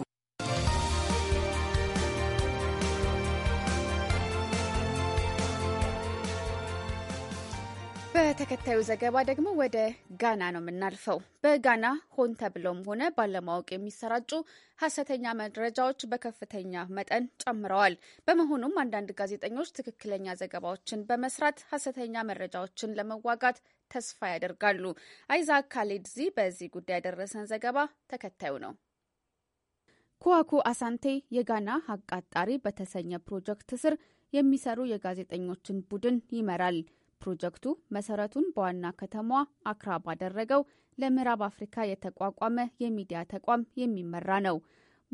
በተከታዩ ዘገባ ደግሞ ወደ ጋና ነው የምናልፈው። በጋና ሆን ተብለውም ሆነ ባለማወቅ የሚሰራጩ ሀሰተኛ መረጃዎች በከፍተኛ መጠን ጨምረዋል። በመሆኑም አንዳንድ ጋዜጠኞች ትክክለኛ ዘገባዎችን በመስራት ሀሰተኛ መረጃዎችን ለመዋጋት ተስፋ ያደርጋሉ። አይዛክ ካሌድዚ በዚህ ጉዳይ ያደረሰን ዘገባ ተከታዩ ነው። ኩዋኩ አሳንቴ የጋና ሀቅ አጣሪ በተሰኘ ፕሮጀክት ስር የሚሰሩ የጋዜጠኞችን ቡድን ይመራል። ፕሮጀክቱ መሰረቱን በዋና ከተማዋ አክራ ባደረገው ለምዕራብ አፍሪካ የተቋቋመ የሚዲያ ተቋም የሚመራ ነው።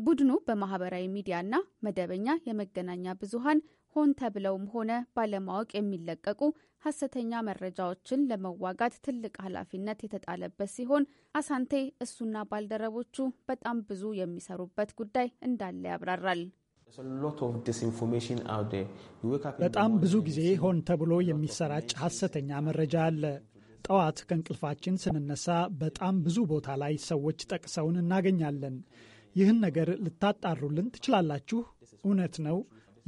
ቡድኑ በማህበራዊ ሚዲያና መደበኛ የመገናኛ ብዙሃን ሆን ተብለውም ሆነ ባለማወቅ የሚለቀቁ ሐሰተኛ መረጃዎችን ለመዋጋት ትልቅ ኃላፊነት የተጣለበት ሲሆን አሳንቴ እሱና ባልደረቦቹ በጣም ብዙ የሚሰሩበት ጉዳይ እንዳለ ያብራራል። በጣም ብዙ ጊዜ ሆን ተብሎ የሚሰራጭ ሐሰተኛ መረጃ አለ። ጠዋት ከእንቅልፋችን ስንነሳ በጣም ብዙ ቦታ ላይ ሰዎች ጠቅሰውን እናገኛለን። ይህን ነገር ልታጣሩልን ትችላላችሁ? እውነት ነው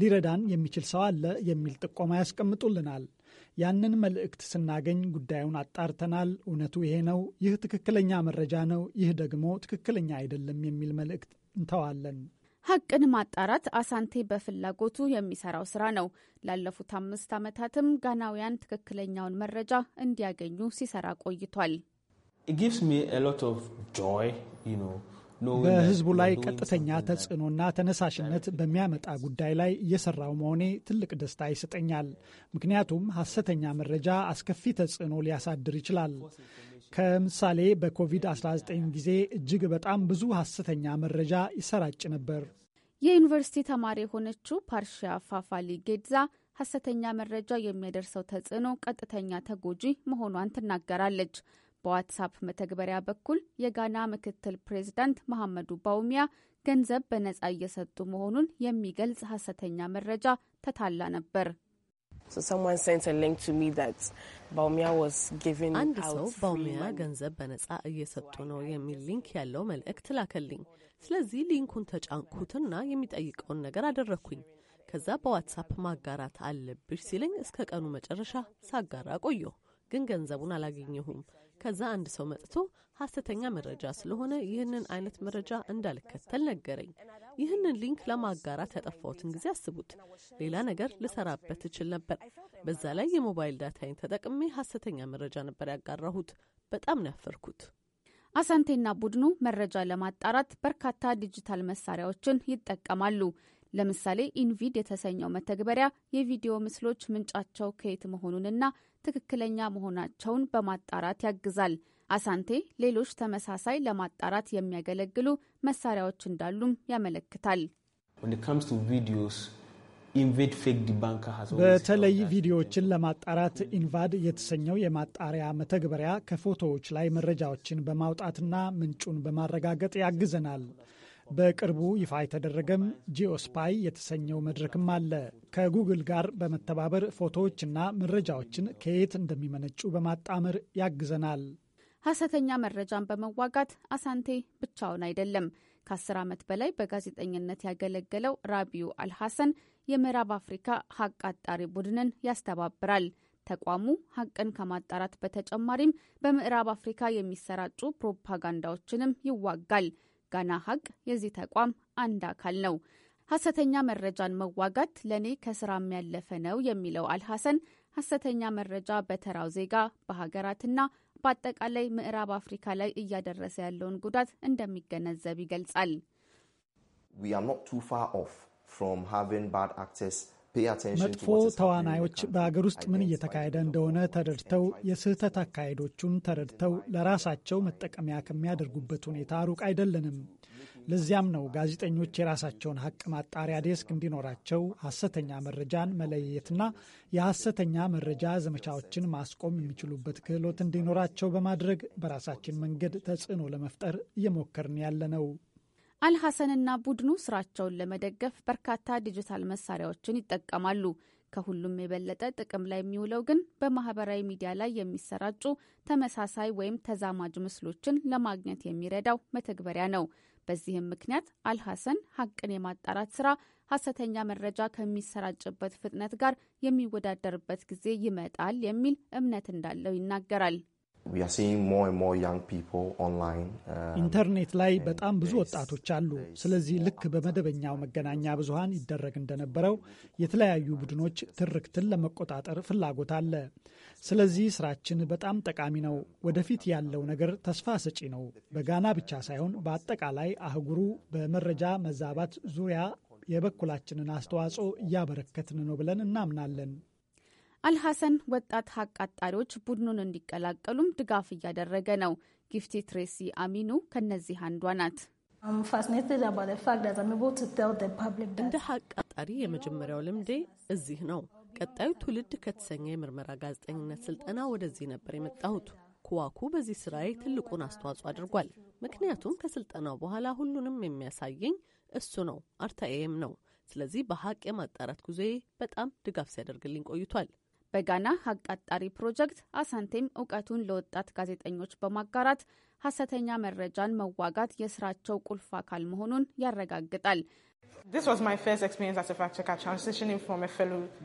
ሊረዳን የሚችል ሰው አለ የሚል ጥቆማ ያስቀምጡልናል። ያንን መልእክት ስናገኝ ጉዳዩን አጣርተናል። እውነቱ ይሄ ነው፣ ይህ ትክክለኛ መረጃ ነው፣ ይህ ደግሞ ትክክለኛ አይደለም የሚል መልእክት እንተዋለን። ሐቅን ማጣራት አሳንቴ በፍላጎቱ የሚሰራው ስራ ነው። ላለፉት አምስት ዓመታትም ጋናውያን ትክክለኛውን መረጃ እንዲያገኙ ሲሰራ ቆይቷል። It gives በህዝቡ ላይ ቀጥተኛ ተጽዕኖና ተነሳሽነት በሚያመጣ ጉዳይ ላይ እየሰራው መሆኔ ትልቅ ደስታ ይሰጠኛል። ምክንያቱም ሐሰተኛ መረጃ አስከፊ ተጽዕኖ ሊያሳድር ይችላል። ከምሳሌ በኮቪድ-19 ጊዜ እጅግ በጣም ብዙ ሐሰተኛ መረጃ ይሰራጭ ነበር። የዩኒቨርሲቲ ተማሪ የሆነችው ፓርሺያ ፋፋሊ ጌድዛ ሐሰተኛ መረጃ የሚያደርሰው ተጽዕኖ ቀጥተኛ ተጎጂ መሆኗን ትናገራለች። በዋትሳፕ መተግበሪያ በኩል የጋና ምክትል ፕሬዚዳንት መሐመዱ ባውሚያ ገንዘብ በነጻ እየሰጡ መሆኑን የሚገልጽ ሀሰተኛ መረጃ ተታላ ነበር። አንድ ሰው ባውሚያ ገንዘብ በነጻ እየሰጡ ነው የሚል ሊንክ ያለው መልእክት ላከልኝ። ስለዚህ ሊንኩን ተጫንኩትና የሚጠይቀውን ነገር አደረግኩኝ። ከዛ በዋትሳፕ ማጋራት አለብሽ ሲለኝ እስከ ቀኑ መጨረሻ ሳጋራ ቆየሁ፣ ግን ገንዘቡን አላገኘሁም። ከዛ አንድ ሰው መጥቶ ሐሰተኛ መረጃ ስለሆነ ይህንን አይነት መረጃ እንዳልከተል ነገረኝ። ይህንን ሊንክ ለማጋራት ያጠፋሁትን ጊዜ አስቡት። ሌላ ነገር ልሰራበት እችል ነበር። በዛ ላይ የሞባይል ዳታይን ተጠቅሜ ሐሰተኛ መረጃ ነበር ያጋራሁት። በጣም ነው ያፈርኩት። አሳንቴና ቡድኑ መረጃ ለማጣራት በርካታ ዲጂታል መሳሪያዎችን ይጠቀማሉ። ለምሳሌ ኢንቪድ የተሰኘው መተግበሪያ የቪዲዮ ምስሎች ምንጫቸው ከየት መሆኑንና ትክክለኛ መሆናቸውን በማጣራት ያግዛል። አሳንቴ ሌሎች ተመሳሳይ ለማጣራት የሚያገለግሉ መሳሪያዎች እንዳሉም ያመለክታል። በተለይ ቪዲዮዎችን ለማጣራት ኢንቫድ የተሰኘው የማጣሪያ መተግበሪያ ከፎቶዎች ላይ መረጃዎችን በማውጣትና ምንጩን በማረጋገጥ ያግዘናል። በቅርቡ ይፋ የተደረገም ጂኦስፓይ የተሰኘው መድረክም አለ። ከጉግል ጋር በመተባበር ፎቶዎች እና መረጃዎችን ከየት እንደሚመነጩ በማጣመር ያግዘናል። ሐሰተኛ መረጃን በመዋጋት አሳንቴ ብቻውን አይደለም። ከአስር ዓመት በላይ በጋዜጠኝነት ያገለገለው ራቢዩ አልሐሰን የምዕራብ አፍሪካ ሀቅ አጣሪ ቡድንን ያስተባብራል። ተቋሙ ሀቅን ከማጣራት በተጨማሪም በምዕራብ አፍሪካ የሚሰራጩ ፕሮፓጋንዳዎችንም ይዋጋል። ጋና ሀቅ የዚህ ተቋም አንድ አካል ነው። ሐሰተኛ መረጃን መዋጋት ለእኔ ከስራም ያለፈ ነው የሚለው አልሐሰን ሐሰተኛ መረጃ በተራው ዜጋ በሀገራትና በአጠቃላይ ምዕራብ አፍሪካ ላይ እያደረሰ ያለውን ጉዳት እንደሚገነዘብ ይገልጻል። We are not too far off from having bad መጥፎ ተዋናዮች በአገር ውስጥ ምን እየተካሄደ እንደሆነ ተረድተው የስህተት አካሄዶቹን ተረድተው ለራሳቸው መጠቀሚያ ከሚያደርጉበት ሁኔታ ሩቅ አይደለንም። ለዚያም ነው ጋዜጠኞች የራሳቸውን ሀቅ ማጣሪያ ዴስክ እንዲኖራቸው ሐሰተኛ መረጃን መለየትና የሐሰተኛ መረጃ ዘመቻዎችን ማስቆም የሚችሉበት ክህሎት እንዲኖራቸው በማድረግ በራሳችን መንገድ ተጽዕኖ ለመፍጠር እየሞከርን ያለ ነው። አልሐሰንና ቡድኑ ስራቸውን ለመደገፍ በርካታ ዲጂታል መሳሪያዎችን ይጠቀማሉ። ከሁሉም የበለጠ ጥቅም ላይ የሚውለው ግን በማህበራዊ ሚዲያ ላይ የሚሰራጩ ተመሳሳይ ወይም ተዛማጅ ምስሎችን ለማግኘት የሚረዳው መተግበሪያ ነው። በዚህም ምክንያት አልሐሰን ሀቅን የማጣራት ስራ ሀሰተኛ መረጃ ከሚሰራጭበት ፍጥነት ጋር የሚወዳደርበት ጊዜ ይመጣል የሚል እምነት እንዳለው ይናገራል። ኢንተርኔት um, ላይ በጣም ብዙ ወጣቶች አሉ። ስለዚህ ልክ በመደበኛው መገናኛ ብዙሃን ይደረግ እንደነበረው የተለያዩ ቡድኖች ትርክትን ለመቆጣጠር ፍላጎት አለ። ስለዚህ ስራችን በጣም ጠቃሚ ነው። ወደፊት ያለው ነገር ተስፋ ሰጪ ነው። በጋና ብቻ ሳይሆን በአጠቃላይ አህጉሩ በመረጃ መዛባት ዙሪያ የበኩላችንን አስተዋጽኦ እያበረከትን ነው ብለን እናምናለን። አልሐሰን ወጣት ሀቅ አጣሪዎች ቡድኑን እንዲቀላቀሉም ድጋፍ እያደረገ ነው። ጊፍቲ ትሬሲ አሚኑ ከነዚህ አንዷ ናት። um, እንደ ሀቅ አጣሪ የመጀመሪያው ልምዴ እዚህ ነው። ቀጣዩ ትውልድ ከተሰኘ የምርመራ ጋዜጠኝነት ስልጠና ወደዚህ ነበር የመጣሁት። ኩዋኩ በዚህ ስራዬ ትልቁን አስተዋጽኦ አድርጓል። ምክንያቱም ከስልጠናው በኋላ ሁሉንም የሚያሳየኝ እሱ ነው፣ አርታኤም ነው። ስለዚህ በሀቅ የማጣራት ጉዞዬ በጣም ድጋፍ ሲያደርግልኝ ቆይቷል። በጋና አቃጣሪ ፕሮጀክት አሳንቴም እውቀቱን ለወጣት ጋዜጠኞች በማጋራት ሀሰተኛ መረጃን መዋጋት የስራቸው ቁልፍ አካል መሆኑን ያረጋግጣል።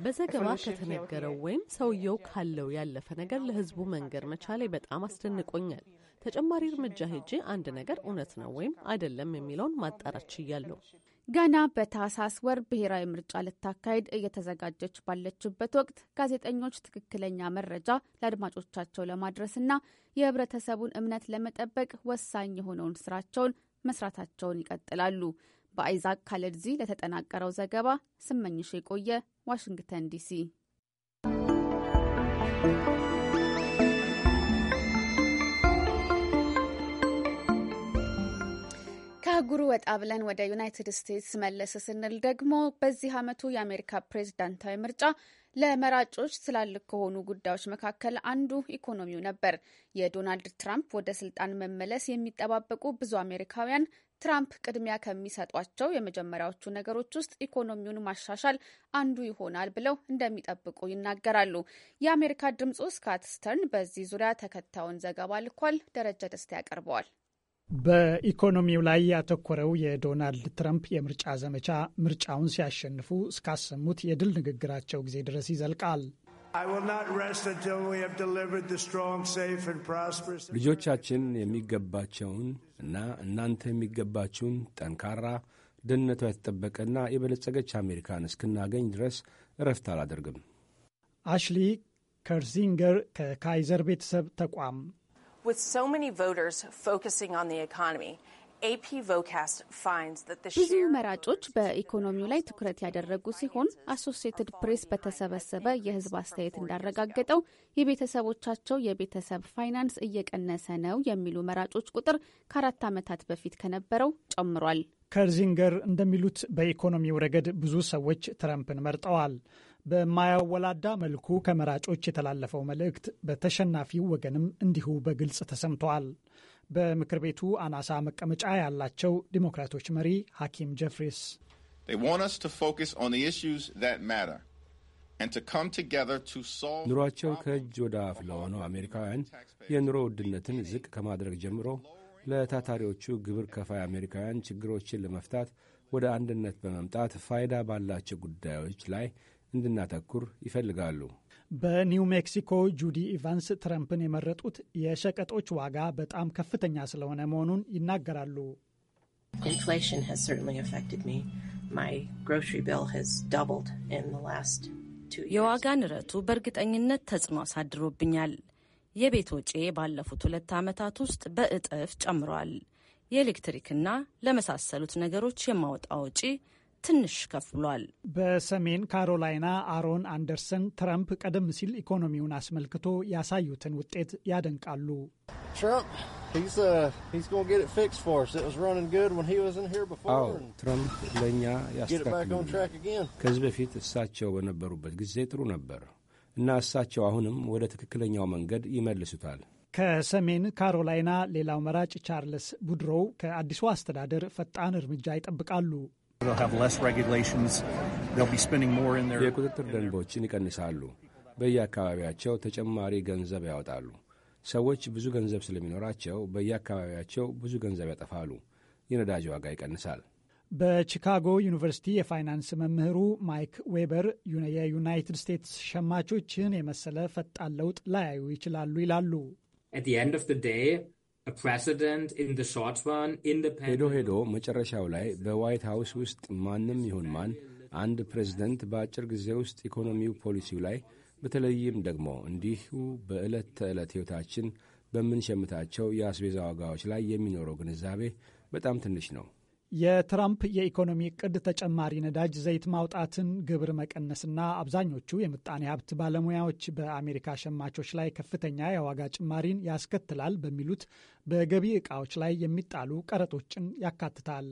በዘገባ ከተነገረው ወይም ሰውየው ካለው ያለፈ ነገር ለህዝቡ መንገር መቻሌ በጣም አስደንቆኛል። ተጨማሪ እርምጃ ሄጄ አንድ ነገር እውነት ነው ወይም አይደለም የሚለውን ማጣራት ችያለሁ። ገና በታህሳስ ወር ብሔራዊ ምርጫ ልታካሄድ እየተዘጋጀች ባለችበት ወቅት ጋዜጠኞች ትክክለኛ መረጃ ለአድማጮቻቸው ለማድረስና የህብረተሰቡን እምነት ለመጠበቅ ወሳኝ የሆነውን ስራቸውን መስራታቸውን ይቀጥላሉ። በአይዛክ ካለድዚ ለተጠናቀረው ዘገባ ስመኝሽ የቆየ ዋሽንግተን ዲሲ። ከጉሩ ወጣ ብለን ወደ ዩናይትድ ስቴትስ መለስ ስንል ደግሞ በዚህ ዓመቱ የአሜሪካ ፕሬዝዳንታዊ ምርጫ ለመራጮች ትላልቅ ከሆኑ ጉዳዮች መካከል አንዱ ኢኮኖሚው ነበር። የዶናልድ ትራምፕ ወደ ስልጣን መመለስ የሚጠባበቁ ብዙ አሜሪካውያን ትራምፕ ቅድሚያ ከሚሰጧቸው የመጀመሪያዎቹ ነገሮች ውስጥ ኢኮኖሚውን ማሻሻል አንዱ ይሆናል ብለው እንደሚጠብቁ ይናገራሉ። የአሜሪካ ድምጹ ስካት ስተርን በዚህ ዙሪያ ተከታዩን ዘገባ ልኳል። ደረጃ ደስታ ያቀርበዋል። በኢኮኖሚው ላይ ያተኮረው የዶናልድ ትራምፕ የምርጫ ዘመቻ ምርጫውን ሲያሸንፉ እስካሰሙት የድል ንግግራቸው ጊዜ ድረስ ይዘልቃል። ልጆቻችን የሚገባቸውን እና እናንተ የሚገባችውን ጠንካራ ደህንነቷ የተጠበቀና የበለጸገች አሜሪካን እስክናገኝ ድረስ እረፍት አላደርግም። አሽሊ ከርዚንገር ከካይዘር ቤተሰብ ተቋም With so many voters focusing on the economy, ብዙ መራጮች በኢኮኖሚው ላይ ትኩረት ያደረጉ ሲሆን አሶሲየትድ ፕሬስ በተሰበሰበ የሕዝብ አስተያየት እንዳረጋገጠው የቤተሰቦቻቸው የቤተሰብ ፋይናንስ እየቀነሰ ነው የሚሉ መራጮች ቁጥር ከአራት ዓመታት በፊት ከነበረው ጨምሯል። ከርዚንገር እንደሚሉት በኢኮኖሚው ረገድ ብዙ ሰዎች ትረምፕን መርጠዋል። በማያወላዳ መልኩ ከመራጮች የተላለፈው መልእክት በተሸናፊው ወገንም እንዲሁ በግልጽ ተሰምተዋል። በምክር ቤቱ አናሳ መቀመጫ ያላቸው ዲሞክራቶች መሪ ሐኪም ጀፍሪስ ኑሯቸው ከእጅ ወደ አፍ ለሆነው አሜሪካውያን የኑሮ ውድነትን ዝቅ ከማድረግ ጀምሮ ለታታሪዎቹ ግብር ከፋይ አሜሪካውያን ችግሮችን ለመፍታት ወደ አንድነት በመምጣት ፋይዳ ባላቸው ጉዳዮች ላይ እንድናተኩር ይፈልጋሉ። በኒው ሜክሲኮ ጁዲ ኢቫንስ ትረምፕን የመረጡት የሸቀጦች ዋጋ በጣም ከፍተኛ ስለሆነ መሆኑን ይናገራሉ። የዋጋ ንረቱ በእርግጠኝነት ተጽዕኖ አሳድሮብኛል። የቤት ወጪ ባለፉት ሁለት ዓመታት ውስጥ በእጥፍ ጨምሯል። የኤሌክትሪክና ለመሳሰሉት ነገሮች የማወጣ ወጪ ትንሽ ከፍ ብሏል። በሰሜን ካሮላይና አሮን አንደርሰን ትራምፕ ቀደም ሲል ኢኮኖሚውን አስመልክቶ ያሳዩትን ውጤት ያደንቃሉ። uh, ትራምፕ ለእኛ ያስተካክሉናል። ከዚህ በፊት እሳቸው በነበሩበት ጊዜ ጥሩ ነበር እና እሳቸው አሁንም ወደ ትክክለኛው መንገድ ይመልሱታል። ከሰሜን ካሮላይና ሌላው መራጭ ቻርልስ ቡድሮው ከአዲሱ አስተዳደር ፈጣን እርምጃ ይጠብቃሉ። የቁጥጥር ደንቦችን ይቀንሳሉ። በየአካባቢያቸው ተጨማሪ ገንዘብ ያወጣሉ። ሰዎች ብዙ ገንዘብ ስለሚኖራቸው በየአካባቢያቸው ብዙ ገንዘብ ያጠፋሉ። የነዳጅ ዋጋ ይቀንሳል። በቺካጎ ዩኒቨርሲቲ የፋይናንስ መምህሩ ማይክ ዌበር የዩናይትድ ስቴትስ ሸማቾችን የመሰለ ፈጣን ለውጥ ላያዩ ይችላሉ ይላሉ። ሄዶ ሄዶ መጨረሻው ላይ በዋይት ሃውስ ውስጥ ማንም ይሁን ማን አንድ ፕሬዝደንት በአጭር ጊዜ ውስጥ ኢኮኖሚው፣ ፖሊሲው ላይ በተለይም ደግሞ እንዲሁ በዕለት ተዕለት ሕይወታችን በምንሸምታቸው የአስቤዛ ዋጋዎች ላይ የሚኖረው ግንዛቤ በጣም ትንሽ ነው። የትራምፕ የኢኮኖሚ እቅድ ተጨማሪ ነዳጅ ዘይት ማውጣትን፣ ግብር መቀነስና አብዛኞቹ የምጣኔ ሀብት ባለሙያዎች በአሜሪካ ሸማቾች ላይ ከፍተኛ የዋጋ ጭማሪን ያስከትላል በሚሉት በገቢ ዕቃዎች ላይ የሚጣሉ ቀረጦችን ያካትታል።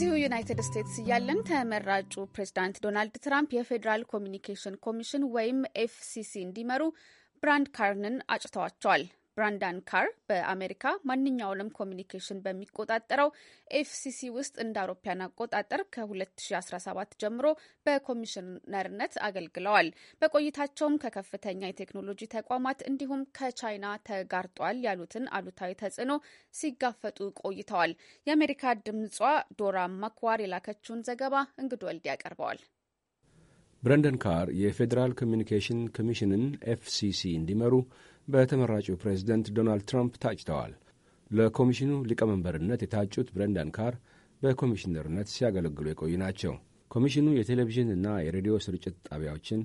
እዚሁ ዩናይትድ ስቴትስ እያለን ተመራጩ ፕሬዚዳንት ዶናልድ ትራምፕ የፌዴራል ኮሚኒኬሽን ኮሚሽን ወይም ኤፍሲሲ እንዲመሩ ብራንድ ካርንን አጭተዋቸዋል። ብራንዳን ካር በአሜሪካ ማንኛውንም ኮሚኒኬሽን በሚቆጣጠረው ኤፍሲሲ ውስጥ እንደ አውሮፓያን አቆጣጠር ከ2017 ጀምሮ በኮሚሽነርነት አገልግለዋል። በቆይታቸውም ከከፍተኛ የቴክኖሎጂ ተቋማት እንዲሁም ከቻይና ተጋርጧል ያሉትን አሉታዊ ተጽዕኖ ሲጋፈጡ ቆይተዋል። የአሜሪካ ድምጿ ዶራ ማክዋር የላከችውን ዘገባ እንግድ ወልድ ያቀርበዋል። ብረንደን ካር የፌዴራል ኮሚኒኬሽን ኮሚሽንን ኤፍሲሲ እንዲመሩ በተመራጩ ፕሬዝደንት ዶናልድ ትራምፕ ታጭተዋል። ለኮሚሽኑ ሊቀመንበርነት የታጩት ብረንዳን ካር በኮሚሽነርነት ሲያገለግሉ የቆዩ ናቸው። ኮሚሽኑ የቴሌቪዥን እና የሬዲዮ ስርጭት ጣቢያዎችን፣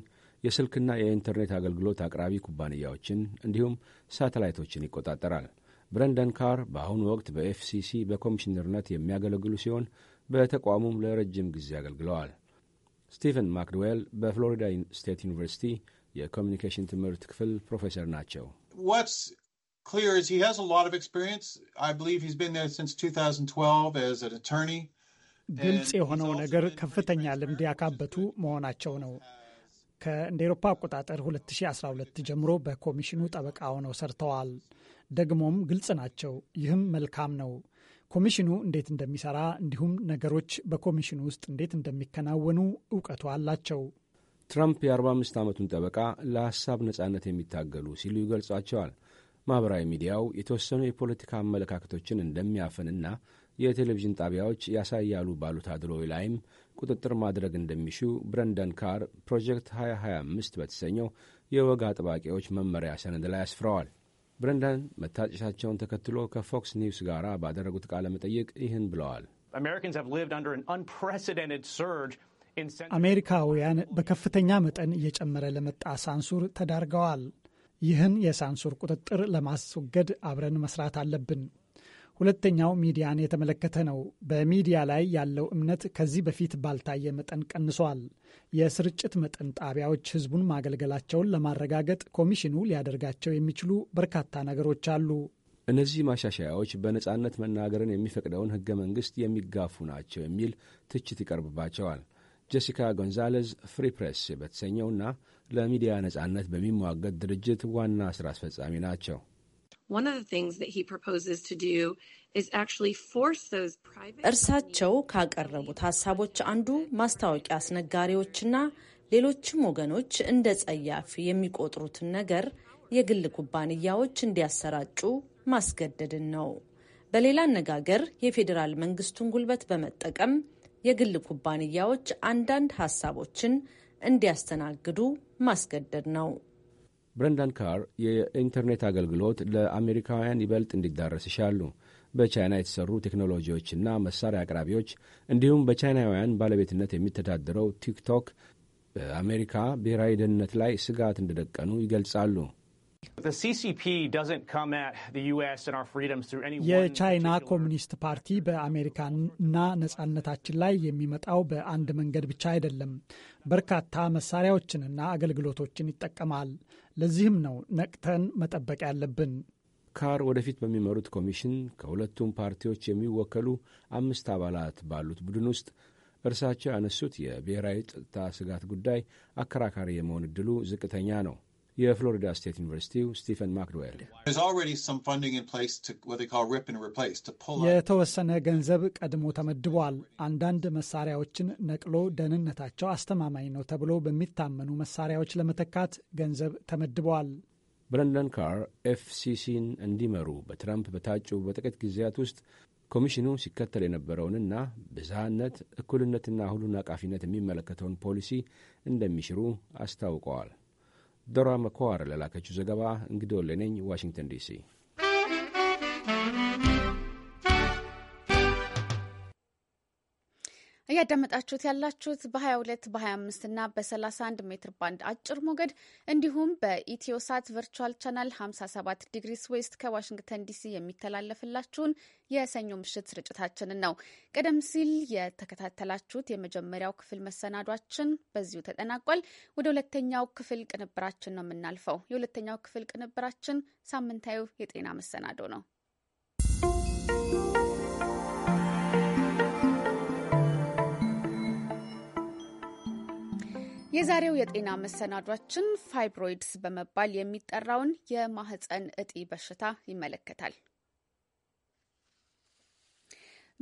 የስልክና የኢንተርኔት አገልግሎት አቅራቢ ኩባንያዎችን እንዲሁም ሳተላይቶችን ይቆጣጠራል። ብረንዳን ካር በአሁኑ ወቅት በኤፍሲሲ በኮሚሽነርነት የሚያገለግሉ ሲሆን በተቋሙም ለረጅም ጊዜ አገልግለዋል። ስቲቨን ማክድዌል በፍሎሪዳ ስቴት ዩኒቨርሲቲ የኮሚኒኬሽን ትምህርት ክፍል ፕሮፌሰር ናቸው። clear is he has a lot of experience. I believe he's been there since 2012 as an attorney. ግልጽ የሆነው ነገር ከፍተኛ ልምድ ያካበቱ መሆናቸው ነው። ከእንደ ኤሮፓ አቆጣጠር 2012 ጀምሮ በኮሚሽኑ ጠበቃ ሆነው ሰርተዋል። ደግሞም ግልጽ ናቸው። ይህም መልካም ነው። ኮሚሽኑ እንዴት እንደሚሰራ እንዲሁም ነገሮች በኮሚሽኑ ውስጥ እንዴት እንደሚከናወኑ እውቀቱ አላቸው። ትራምፕ የ45 ዓመቱን ጠበቃ ለሐሳብ ነጻነት የሚታገሉ ሲሉ ይገልጿቸዋል። ማኅበራዊ ሚዲያው የተወሰኑ የፖለቲካ አመለካከቶችን እንደሚያፍንና የቴሌቪዥን ጣቢያዎች ያሳያሉ ባሉት አድሎ ላይም ቁጥጥር ማድረግ እንደሚሹ ብረንደን ካር ፕሮጀክት 2025 በተሰኘው የወግ አጥባቂዎች መመሪያ ሰነድ ላይ አስፍረዋል። ብረንደን መታጨሻቸውን ተከትሎ ከፎክስ ኒውስ ጋር ባደረጉት ቃለ መጠይቅ ይህን ብለዋል። Americans have አሜሪካውያን በከፍተኛ መጠን እየጨመረ ለመጣ ሳንሱር ተዳርገዋል። ይህን የሳንሱር ቁጥጥር ለማስወገድ አብረን መስራት አለብን። ሁለተኛው ሚዲያን የተመለከተ ነው። በሚዲያ ላይ ያለው እምነት ከዚህ በፊት ባልታየ መጠን ቀንሷል። የስርጭት መጠን ጣቢያዎች ሕዝቡን ማገልገላቸውን ለማረጋገጥ ኮሚሽኑ ሊያደርጋቸው የሚችሉ በርካታ ነገሮች አሉ። እነዚህ ማሻሻያዎች በነጻነት መናገርን የሚፈቅደውን ሕገ መንግሥት የሚጋፉ ናቸው የሚል ትችት ይቀርብባቸዋል። ጀሲካ ጎንዛሌዝ ፍሪ ፕሬስ በተሰኘውና ለሚዲያ ነጻነት በሚሟገት ድርጅት ዋና ስራ አስፈጻሚ ናቸው። እርሳቸው ካቀረቡት ሀሳቦች አንዱ ማስታወቂያ አስነጋሪዎችና ሌሎችም ወገኖች እንደ ጸያፍ የሚቆጥሩትን ነገር የግል ኩባንያዎች እንዲያሰራጩ ማስገደድን ነው። በሌላ አነጋገር የፌዴራል መንግስቱን ጉልበት በመጠቀም የግል ኩባንያዎች አንዳንድ ሀሳቦችን እንዲያስተናግዱ ማስገደድ ነው። ብረንዳን ካር የኢንተርኔት አገልግሎት ለአሜሪካውያን ይበልጥ እንዲዳረስ ይሻሉ። በቻይና የተሰሩ ቴክኖሎጂዎችና መሳሪያ አቅራቢዎች እንዲሁም በቻይናውያን ባለቤትነት የሚተዳደረው ቲክቶክ በአሜሪካ ብሔራዊ ደህንነት ላይ ስጋት እንደደቀኑ ይገልጻሉ። የቻይና ኮሚኒስት ፓርቲ በአሜሪካና ነጻነታችን ላይ የሚመጣው በአንድ መንገድ ብቻ አይደለም። በርካታ መሳሪያዎችንና አገልግሎቶችን ይጠቀማል። ለዚህም ነው ነቅተን መጠበቅ ያለብን። ካር ወደፊት በሚመሩት ኮሚሽን ከሁለቱም ፓርቲዎች የሚወከሉ አምስት አባላት ባሉት ቡድን ውስጥ እርሳቸው ያነሱት የብሔራዊ ጸጥታ ስጋት ጉዳይ አከራካሪ የመሆን ዕድሉ ዝቅተኛ ነው። የፍሎሪዳ ስቴት ዩኒቨርሲቲው ስቲፈን ማክዶዌል የተወሰነ ገንዘብ ቀድሞ ተመድቧል። አንዳንድ መሳሪያዎችን ነቅሎ ደህንነታቸው አስተማማኝ ነው ተብሎ በሚታመኑ መሳሪያዎች ለመተካት ገንዘብ ተመድበዋል። ብረንደን ካር ኤፍሲሲን እንዲመሩ በትራምፕ በታጩ በጥቂት ጊዜያት ውስጥ ኮሚሽኑ ሲከተል የነበረውንና ብዝሃነት፣ እኩልነትና ሁሉን አቃፊነት የሚመለከተውን ፖሊሲ እንደሚሽሩ አስታውቀዋል። ዶራ መኮዋር ለላከችው ዘገባ እንግዶ ለነኝ ዋሽንግተን ዲሲ እያዳመጣችሁት ያላችሁት በ22 በ25 እና በ31 ሜትር ባንድ አጭር ሞገድ እንዲሁም በኢትዮሳት ቨርቹዋል ቻናል 57 ዲግሪስ ዌስት ከዋሽንግተን ዲሲ የሚተላለፍላችሁን የሰኞ ምሽት ስርጭታችንን ነው። ቀደም ሲል የተከታተላችሁት የመጀመሪያው ክፍል መሰናዷችን በዚሁ ተጠናቋል። ወደ ሁለተኛው ክፍል ቅንብራችን ነው የምናልፈው። የሁለተኛው ክፍል ቅንብራችን ሳምንታዊ የጤና መሰናዶ ነው። የዛሬው የጤና መሰናዷችን ፋይብሮይድስ በመባል የሚጠራውን የማህፀን እጢ በሽታ ይመለከታል።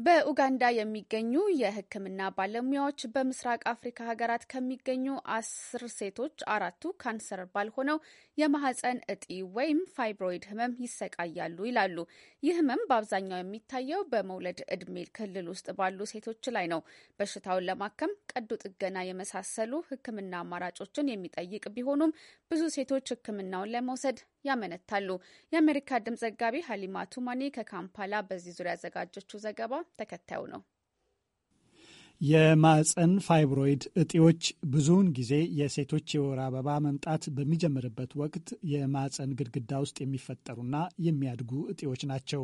በኡጋንዳ የሚገኙ የሕክምና ባለሙያዎች በምስራቅ አፍሪካ ሀገራት ከሚገኙ አስር ሴቶች አራቱ ካንሰር ባልሆነው የማህፀን እጢ ወይም ፋይብሮይድ ህመም ይሰቃያሉ ይላሉ። ይህ ህመም በአብዛኛው የሚታየው በመውለድ እድሜ ክልል ውስጥ ባሉ ሴቶች ላይ ነው። በሽታውን ለማከም ቀዶ ጥገና የመሳሰሉ ህክምና አማራጮችን የሚጠይቅ ቢሆኑም ብዙ ሴቶች ህክምናውን ለመውሰድ ያመነታሉ። የአሜሪካ ድምፅ ዘጋቢ ሀሊማ ቱማኒ ከካምፓላ በዚህ ዙሪያ ያዘጋጀችው ዘገባ ተከታዩ ነው። የማፀን ፋይብሮይድ እጢዎች ብዙውን ጊዜ የሴቶች የወር አበባ መምጣት በሚጀምርበት ወቅት የማፀን ግድግዳ ውስጥ የሚፈጠሩና የሚያድጉ እጢዎች ናቸው።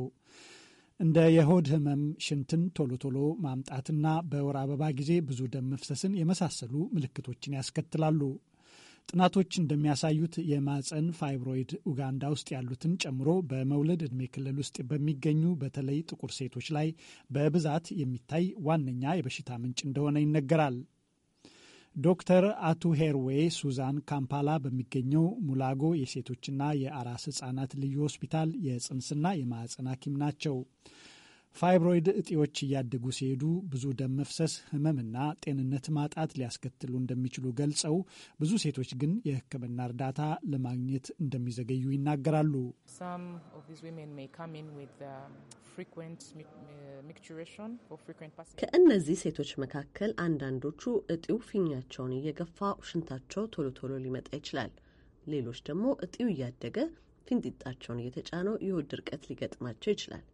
እንደ የሆድ ህመም፣ ሽንትን ቶሎ ቶሎ ማምጣትና በወር አበባ ጊዜ ብዙ ደም መፍሰስን የመሳሰሉ ምልክቶችን ያስከትላሉ። ጥናቶች እንደሚያሳዩት የማፀን ፋይብሮይድ ኡጋንዳ ውስጥ ያሉትን ጨምሮ በመውለድ ዕድሜ ክልል ውስጥ በሚገኙ በተለይ ጥቁር ሴቶች ላይ በብዛት የሚታይ ዋነኛ የበሽታ ምንጭ እንደሆነ ይነገራል። ዶክተር አቱ ሄርዌይ ሱዛን ካምፓላ በሚገኘው ሙላጎ የሴቶችና የአራስ ህጻናት ልዩ ሆስፒታል የጽንስና የማዕፀን ሐኪም ናቸው። ፋይብሮይድ እጢዎች እያደጉ ሲሄዱ ብዙ ደም መፍሰስ፣ ህመምና ጤንነት ማጣት ሊያስከትሉ እንደሚችሉ ገልጸው ብዙ ሴቶች ግን የሕክምና እርዳታ ለማግኘት እንደሚዘገዩ ይናገራሉ። um, ከእነዚህ ሴቶች መካከል አንዳንዶቹ እጢው ፊኛቸውን እየገፋ ሽንታቸው ቶሎ ቶሎ ሊመጣ ይችላል። ሌሎች ደግሞ እጢው እያደገ ፊንጢጣቸውን እየተጫነው የሆድ ድርቀት ሊገጥማቸው ይችላል።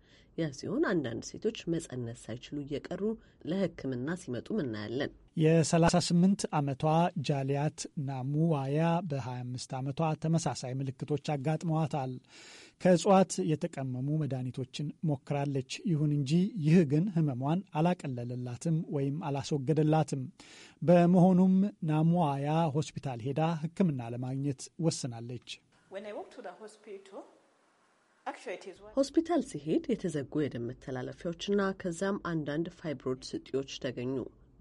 ያ ሲሆን አንዳንድ ሴቶች መጸነስ ሳይችሉ እየቀሩ ለሕክምና ሲመጡም እናያለን። የ38 ዓመቷ ጃሊያት ናሙዋያ በ25 ዓመቷ ተመሳሳይ ምልክቶች አጋጥመዋታል። ከእጽዋት የተቀመሙ መድኃኒቶችን ሞክራለች። ይሁን እንጂ ይህ ግን ህመሟን አላቀለለላትም ወይም አላስወገደላትም። በመሆኑም ናሙዋያ ሆስፒታል ሄዳ ህክምና ለማግኘት ወስናለች። ሆስፒታል ሲሄድ የተዘጉ የደም መተላለፊያዎችና ከዛም አንዳንድ ፋይብሮድ እጢዎች ተገኙ።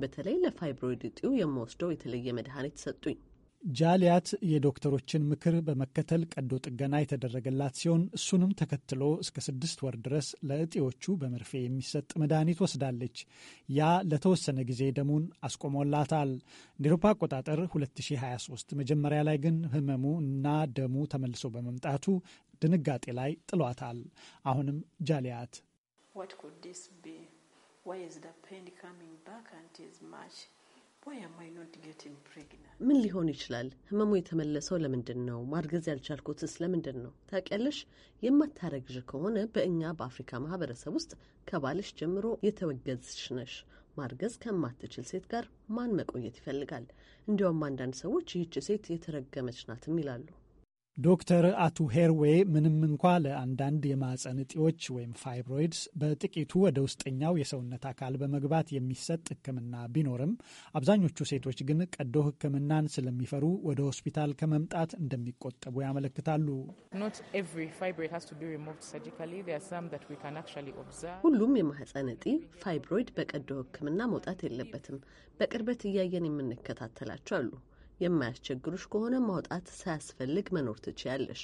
በተለይ ለፋይብሮይድ እጢው የምወስደው የተለየ መድኃኒት ሰጡኝ። ጃሊያት የዶክተሮችን ምክር በመከተል ቀዶ ጥገና የተደረገላት ሲሆን እሱንም ተከትሎ እስከ ስድስት ወር ድረስ ለእጢዎቹ በመርፌ የሚሰጥ መድኃኒት ወስዳለች። ያ ለተወሰነ ጊዜ ደሙን አስቆሞላታል። እንደ ኤሮፓ አቆጣጠር 2023 መጀመሪያ ላይ ግን ህመሙ እና ደሙ ተመልሶ በመምጣቱ ድንጋጤ ላይ ጥሏታል። አሁንም ጃሊያት ምን ሊሆን ይችላል? ህመሙ የተመለሰው ለምንድን ነው? ማርገዝ ያልቻልኩትስ ለምንድን ነው? ታውቂያለሽ፣ የማታረግዥ ከሆነ በእኛ በአፍሪካ ማህበረሰብ ውስጥ ከባልሽ ጀምሮ የተወገዝሽ ነሽ። ማርገዝ ከማትችል ሴት ጋር ማን መቆየት ይፈልጋል? እንዲያውም አንዳንድ ሰዎች ይህች ሴት የተረገመች ናትም ይላሉ። ዶክተር አቱ ሄርዌ ምንም እንኳ ለአንዳንድ የማዕፀን እጢዎች ወይም ፋይብሮይድስ በጥቂቱ ወደ ውስጠኛው የሰውነት አካል በመግባት የሚሰጥ ሕክምና ቢኖርም አብዛኞቹ ሴቶች ግን ቀዶ ሕክምናን ስለሚፈሩ ወደ ሆስፒታል ከመምጣት እንደሚቆጠቡ ያመለክታሉ። ሁሉም የማህፀን እጢ ፋይብሮይድ በቀዶ ሕክምና መውጣት የለበትም። በቅርበት እያየን የምንከታተላቸው አሉ። የማያስቸግሩሽ ከሆነ ማውጣት ሳያስፈልግ መኖር ትችያለሽ።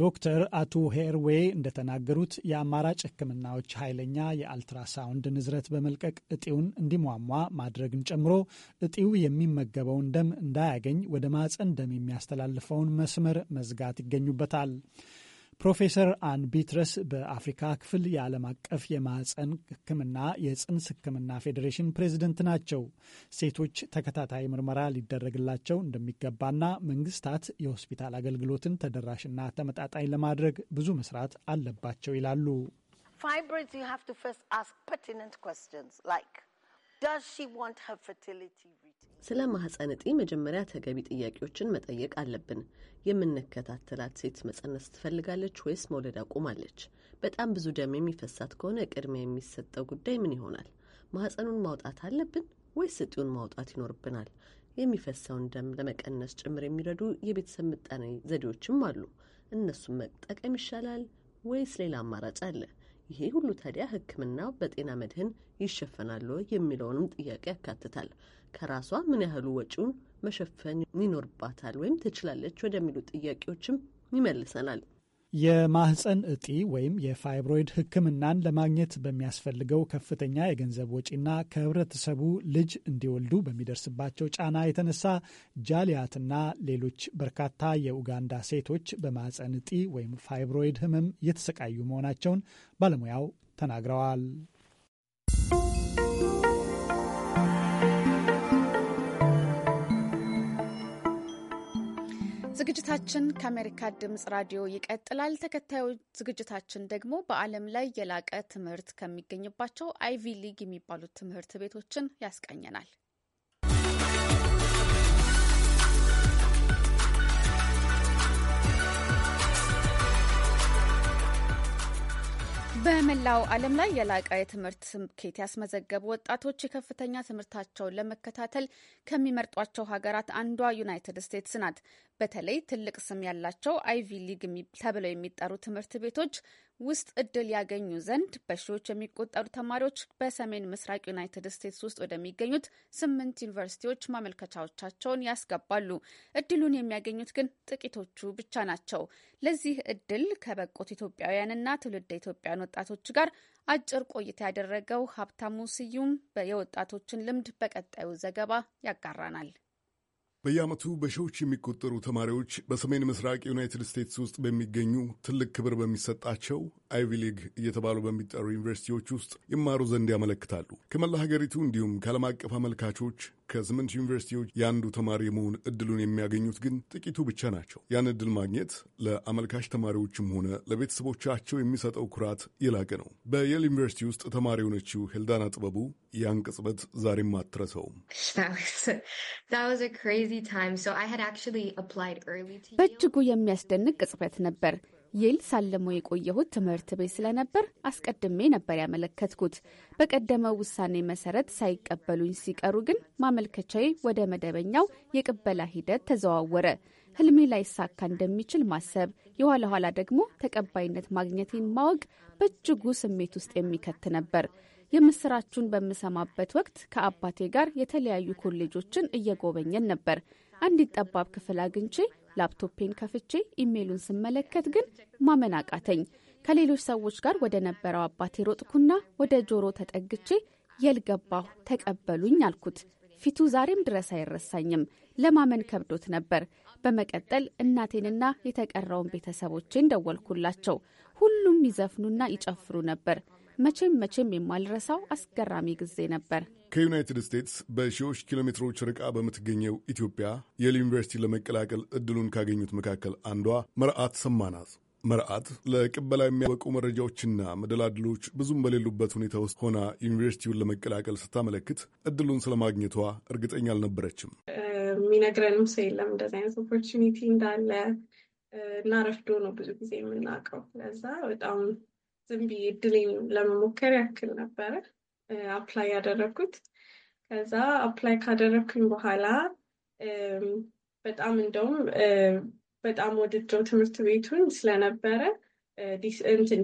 ዶክተር አቱ ሄርዌ እንደተናገሩት የአማራጭ ሕክምናዎች ኃይለኛ የአልትራሳውንድ ንዝረት በመልቀቅ እጢውን እንዲሟሟ ማድረግን ጨምሮ እጢው የሚመገበውን ደም እንዳያገኝ ወደ ማፀን ደም የሚያስተላልፈውን መስመር መዝጋት ይገኙበታል። ፕሮፌሰር አን ቢትረስ በአፍሪካ ክፍል የዓለም አቀፍ የማህፀን ሕክምና የጽንስ ሕክምና ፌዴሬሽን ፕሬዝደንት ናቸው። ሴቶች ተከታታይ ምርመራ ሊደረግላቸው እንደሚገባና መንግስታት የሆስፒታል አገልግሎትን ተደራሽና ተመጣጣኝ ለማድረግ ብዙ መስራት አለባቸው ይላሉ። ፋይብሮይድስ ስለ ማህፀን እጢ መጀመሪያ ተገቢ ጥያቄዎችን መጠየቅ አለብን። የምንከታተላት ሴት መጸነስ ትፈልጋለች ወይስ መውለድ አቁማለች? በጣም ብዙ ደም የሚፈሳት ከሆነ ቅድሚያ የሚሰጠው ጉዳይ ምን ይሆናል? ማህፀኑን ማውጣት አለብን ወይስ እጢውን ማውጣት ይኖርብናል? የሚፈሰውን ደም ለመቀነስ ጭምር የሚረዱ የቤተሰብ ምጣኔ ዘዴዎችም አሉ። እነሱም መጠቀም ይሻላል ወይስ ሌላ አማራጭ አለ? ይሄ ሁሉ ታዲያ ሕክምናው በጤና መድህን ይሸፈናሉ የሚለውንም ጥያቄ ያካትታል። ከራሷ ምን ያህሉ ወጪውን መሸፈን ይኖርባታል ወይም ትችላለች ወደሚሉ ጥያቄዎችም ይመልሰናል። የማህፀን እጢ ወይም የፋይብሮይድ ሕክምናን ለማግኘት በሚያስፈልገው ከፍተኛ የገንዘብ ወጪና ከህብረተሰቡ ልጅ እንዲወልዱ በሚደርስባቸው ጫና የተነሳ ጃሊያትና ሌሎች በርካታ የኡጋንዳ ሴቶች በማህፀን እጢ ወይም ፋይብሮይድ ህመም እየተሰቃዩ መሆናቸውን ባለሙያው ተናግረዋል። ዝግጅታችን ከአሜሪካ ድምጽ ራዲዮ ይቀጥላል። ተከታዩ ዝግጅታችን ደግሞ በዓለም ላይ የላቀ ትምህርት ከሚገኝባቸው አይቪ ሊግ የሚባሉት ትምህርት ቤቶችን ያስቃኘናል። በመላው ዓለም ላይ የላቀ የትምህርት ስኬት ያስመዘገቡ ወጣቶች የከፍተኛ ትምህርታቸውን ለመከታተል ከሚመርጧቸው ሀገራት አንዷ ዩናይትድ ስቴትስ ናት። በተለይ ትልቅ ስም ያላቸው አይቪ ሊግ ተብለው የሚጠሩ ትምህርት ቤቶች ውስጥ እድል ያገኙ ዘንድ በሺዎች የሚቆጠሩ ተማሪዎች በሰሜን ምስራቅ ዩናይትድ ስቴትስ ውስጥ ወደሚገኙት ስምንት ዩኒቨርሲቲዎች ማመልከቻዎቻቸውን ያስገባሉ። እድሉን የሚያገኙት ግን ጥቂቶቹ ብቻ ናቸው። ለዚህ እድል ከበቁት ኢትዮጵያውያንና ትውልደ ኢትዮጵያውያን ወጣቶች ጋር አጭር ቆይታ ያደረገው ሀብታሙ ስዩም የወጣቶችን ልምድ በቀጣዩ ዘገባ ያጋራናል። በየዓመቱ በሺዎች የሚቆጠሩ ተማሪዎች በሰሜን ምስራቅ ዩናይትድ ስቴትስ ውስጥ በሚገኙ ትልቅ ክብር በሚሰጣቸው አይቪ ሊግ እየተባሉ በሚጠሩ ዩኒቨርሲቲዎች ውስጥ ይማሩ ዘንድ ያመለክታሉ። ከመላ ሀገሪቱ እንዲሁም ከዓለም አቀፍ አመልካቾች ከስምንት ዩኒቨርሲቲዎች የአንዱ ተማሪ መሆን እድሉን የሚያገኙት ግን ጥቂቱ ብቻ ናቸው። ያን እድል ማግኘት ለአመልካች ተማሪዎችም ሆነ ለቤተሰቦቻቸው የሚሰጠው ኩራት የላቀ ነው። በየል ዩኒቨርሲቲ ውስጥ ተማሪ የሆነችው ሄልዳና ጥበቡ ያን ቅጽበት ዛሬም አትረሰውም። በእጅጉ የሚያስደንቅ ቅጽበት ነበር። ይል ሳለሞ የቆየሁት ትምህርት ቤት ስለነበር አስቀድሜ ነበር ያመለከትኩት። በቀደመው ውሳኔ መሰረት ሳይቀበሉኝ ሲቀሩ ግን ማመልከቻዬ ወደ መደበኛው የቅበላ ሂደት ተዘዋወረ። ህልሜ ላይሳካ እንደሚችል ማሰብ፣ የኋላ ኋላ ደግሞ ተቀባይነት ማግኘቴን ማወቅ በእጅጉ ስሜት ውስጥ የሚከት ነበር። የምስራቹን በምሰማበት ወቅት ከአባቴ ጋር የተለያዩ ኮሌጆችን እየጎበኘን ነበር። አንዲት ጠባብ ክፍል አግኝቼ ላፕቶፔን ከፍቼ ኢሜይሉን ስመለከት ግን ማመን አቃተኝ። ከሌሎች ሰዎች ጋር ወደ ነበረው አባቴ ሮጥኩና ወደ ጆሮ ተጠግቼ የልገባሁ ተቀበሉኝ አልኩት። ፊቱ ዛሬም ድረስ አይረሳኝም። ለማመን ከብዶት ነበር። በመቀጠል እናቴንና የተቀረውን ቤተሰቦቼን ደወልኩላቸው። ሁሉም ይዘፍኑና ይጨፍሩ ነበር። መቼም መቼም የማልረሳው አስገራሚ ጊዜ ነበር። ከዩናይትድ ስቴትስ በሺዎች ኪሎ ሜትሮች ርቃ በምትገኘው ኢትዮጵያ የል ዩኒቨርሲቲ ለመቀላቀል እድሉን ካገኙት መካከል አንዷ መርአት ሰማናት። መርአት መርዓት ለቅበላ የሚያበቁ መረጃዎችና መደላድሎች ብዙም በሌሉበት ሁኔታ ውስጥ ሆና ዩኒቨርሲቲውን ለመቀላቀል ስታመለክት እድሉን ስለማግኘቷ እርግጠኛ አልነበረችም። የሚነግረንም ሰው የለም እንደዚህ አይነት ኦፖርቹኒቲ እንዳለ። ረፍዶ ነው ብዙ ጊዜ የምናውቀው። ለዛ በጣም ዝም ብዬ እድሌን ለመሞከር ያክል ነበረ አፕላይ ያደረግኩት። ከዛ አፕላይ ካደረግኩኝ በኋላ በጣም እንደውም በጣም ወድጀው ትምህርት ቤቱን ስለነበረ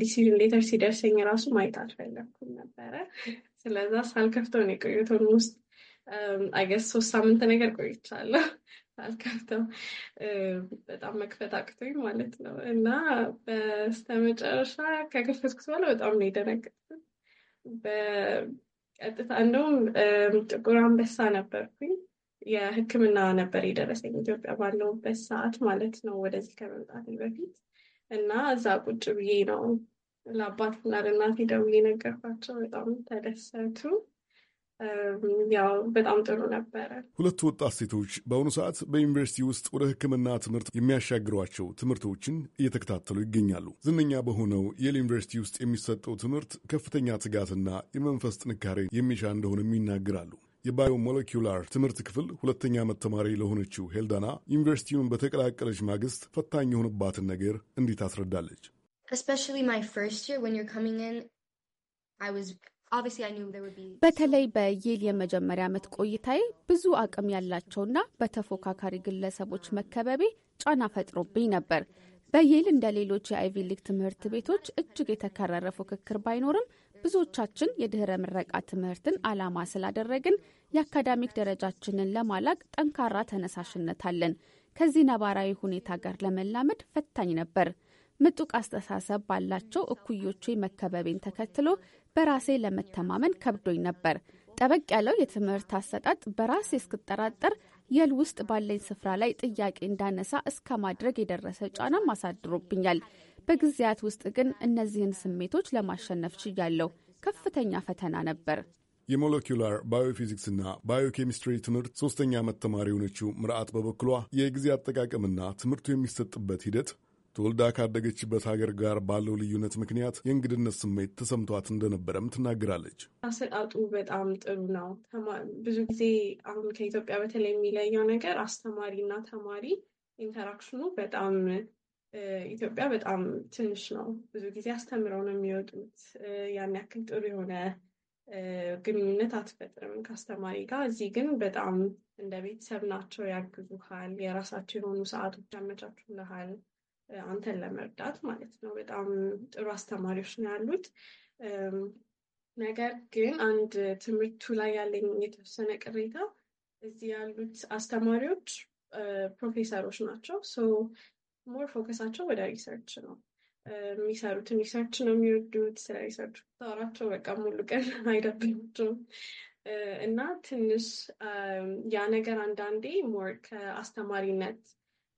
ዲሲዥን ሌተር ሲደርሰኝ ራሱ ማየት አልፈለግኩም ነበረ። ስለዛ ሳልከፍተውን የቆየተውን ውስጥ አይገስ ሶስት ሳምንት ነገር ቆይቻለሁ። አልከፍተው በጣም መክፈት አቅቶኝ ማለት ነው። እና በስተመጨረሻ ከከፈትኩት በኋላ በጣም ነው የደነገጥኩት። በቀጥታ እንደውም ጥቁር አንበሳ ነበርኩኝ የሕክምና ነበር የደረሰኝ ኢትዮጵያ ባለውበት ሰዓት ማለት ነው ወደዚህ ከመምጣት በፊት እና እዛ ቁጭ ብዬ ነው ለአባትና ለእናቴ ደውዬ ነገርኳቸው። በጣም ተደሰቱ። ያው በጣም ጥሩ ነበረ። ሁለቱ ወጣት ሴቶች በአሁኑ ሰዓት በዩኒቨርሲቲ ውስጥ ወደ ሕክምና ትምህርት የሚያሻግሯቸው ትምህርቶችን እየተከታተሉ ይገኛሉ። ዝነኛ በሆነው የል ዩኒቨርሲቲ ውስጥ የሚሰጠው ትምህርት ከፍተኛ ትጋትና የመንፈስ ጥንካሬ የሚሻ እንደሆነም ይናገራሉ። የባዮ ሞለኪውላር ትምህርት ክፍል ሁለተኛ ዓመት ተማሪ ለሆነችው ሄልዳና ዩኒቨርሲቲውን በተቀላቀለች ማግስት ፈታኝ የሆነባትን ነገር እንዴት አስረዳለች። በተለይ በየል የመጀመሪያ ዓመት ቆይታዬ ብዙ አቅም ያላቸውና በተፎካካሪ ግለሰቦች መከበቤ ጫና ፈጥሮብኝ ነበር። በየል እንደ ሌሎች የአይቪ ሊግ ትምህርት ቤቶች እጅግ የተከረረ ፉክክር ባይኖርም ብዙዎቻችን የድኅረ ምረቃ ትምህርትን ዓላማ ስላደረግን የአካዳሚክ ደረጃችንን ለማላቅ ጠንካራ ተነሳሽነት አለን። ከዚህ ነባራዊ ሁኔታ ጋር ለመላመድ ፈታኝ ነበር። ምጡቅ አስተሳሰብ ባላቸው እኩዮቼ መከበቤን ተከትሎ በራሴ ለመተማመን ከብዶኝ ነበር። ጠበቅ ያለው የትምህርት አሰጣጥ በራሴ እስክጠራጠር የል ውስጥ ባለኝ ስፍራ ላይ ጥያቄ እንዳነሳ እስከ ማድረግ የደረሰ ጫናም አሳድሮብኛል። በጊዜያት ውስጥ ግን እነዚህን ስሜቶች ለማሸነፍ ችያለሁ። ከፍተኛ ፈተና ነበር። የሞለኪውላር ባዮፊዚክስና ባዮኬሚስትሪ ትምህርት ሶስተኛ ዓመት ተማሪ የሆነችው ምርአት በበኩሏ የጊዜ አጠቃቀምና ትምህርቱ የሚሰጥበት ሂደት ተወልዳ ካደገችበት ሀገር ጋር ባለው ልዩነት ምክንያት የእንግድነት ስሜት ተሰምቷት እንደነበረም ትናገራለች። አሰጣጡ በጣም ጥሩ ነው። ብዙ ጊዜ አሁን ከኢትዮጵያ በተለይ የሚለየው ነገር አስተማሪ እና ተማሪ ኢንተራክሽኑ በጣም ኢትዮጵያ በጣም ትንሽ ነው። ብዙ ጊዜ አስተምረው ነው የሚወጡት። ያን ያክል ጥሩ የሆነ ግንኙነት አትፈጥርም ከአስተማሪ ጋር። እዚህ ግን በጣም እንደ ቤተሰብ ናቸው፣ ያግዙሃል፣ የራሳቸው የሆኑ ሰዓቶች ያመቻቹልሃል። አንተን ለመርዳት ማለት ነው። በጣም ጥሩ አስተማሪዎች ነው ያሉት። ነገር ግን አንድ ትምህርቱ ላይ ያለኝ የተወሰነ ቅሬታ እዚህ ያሉት አስተማሪዎች ፕሮፌሰሮች ናቸው። ሶ ሞር ፎከሳቸው ወደ ሪሰርች ነው የሚሰሩትን ሪሰርች ነው የሚወዱት። ስለ ሪሰርች ታወራቸው በቃ ሙሉ ቀን አይደብራቸውም። እና ትንሽ ያ ነገር አንዳንዴ ሞር ከአስተማሪነት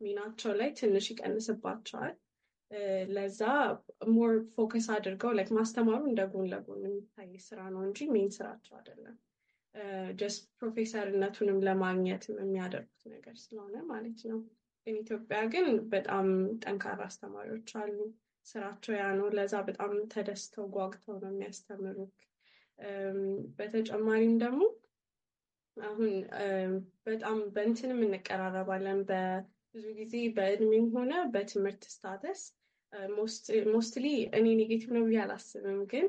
ሚናቸው ላይ ትንሽ ይቀንስባቸዋል። ለዛ ሞር ፎከስ አድርገው ላይክ ማስተማሩ እንደ ጎን ለጎን የሚታይ ስራ ነው እንጂ ሜን ስራቸው አይደለም። ጀስት ፕሮፌሰርነቱንም ለማግኘት የሚያደርጉት ነገር ስለሆነ ማለት ነው። ግን ኢትዮጵያ ግን በጣም ጠንካራ አስተማሪዎች አሉ። ስራቸው ያ ነው። ለዛ በጣም ተደስተው ጓግተው ነው የሚያስተምሩት። በተጨማሪም ደግሞ አሁን በጣም በእንትንም እንቀራረባለን ብዙ ጊዜ በእድሜም ሆነ በትምህርት ስታተስ ሞስትሊ እኔ ኔጌቲቭ ነው ብዬ አላስብም፣ ግን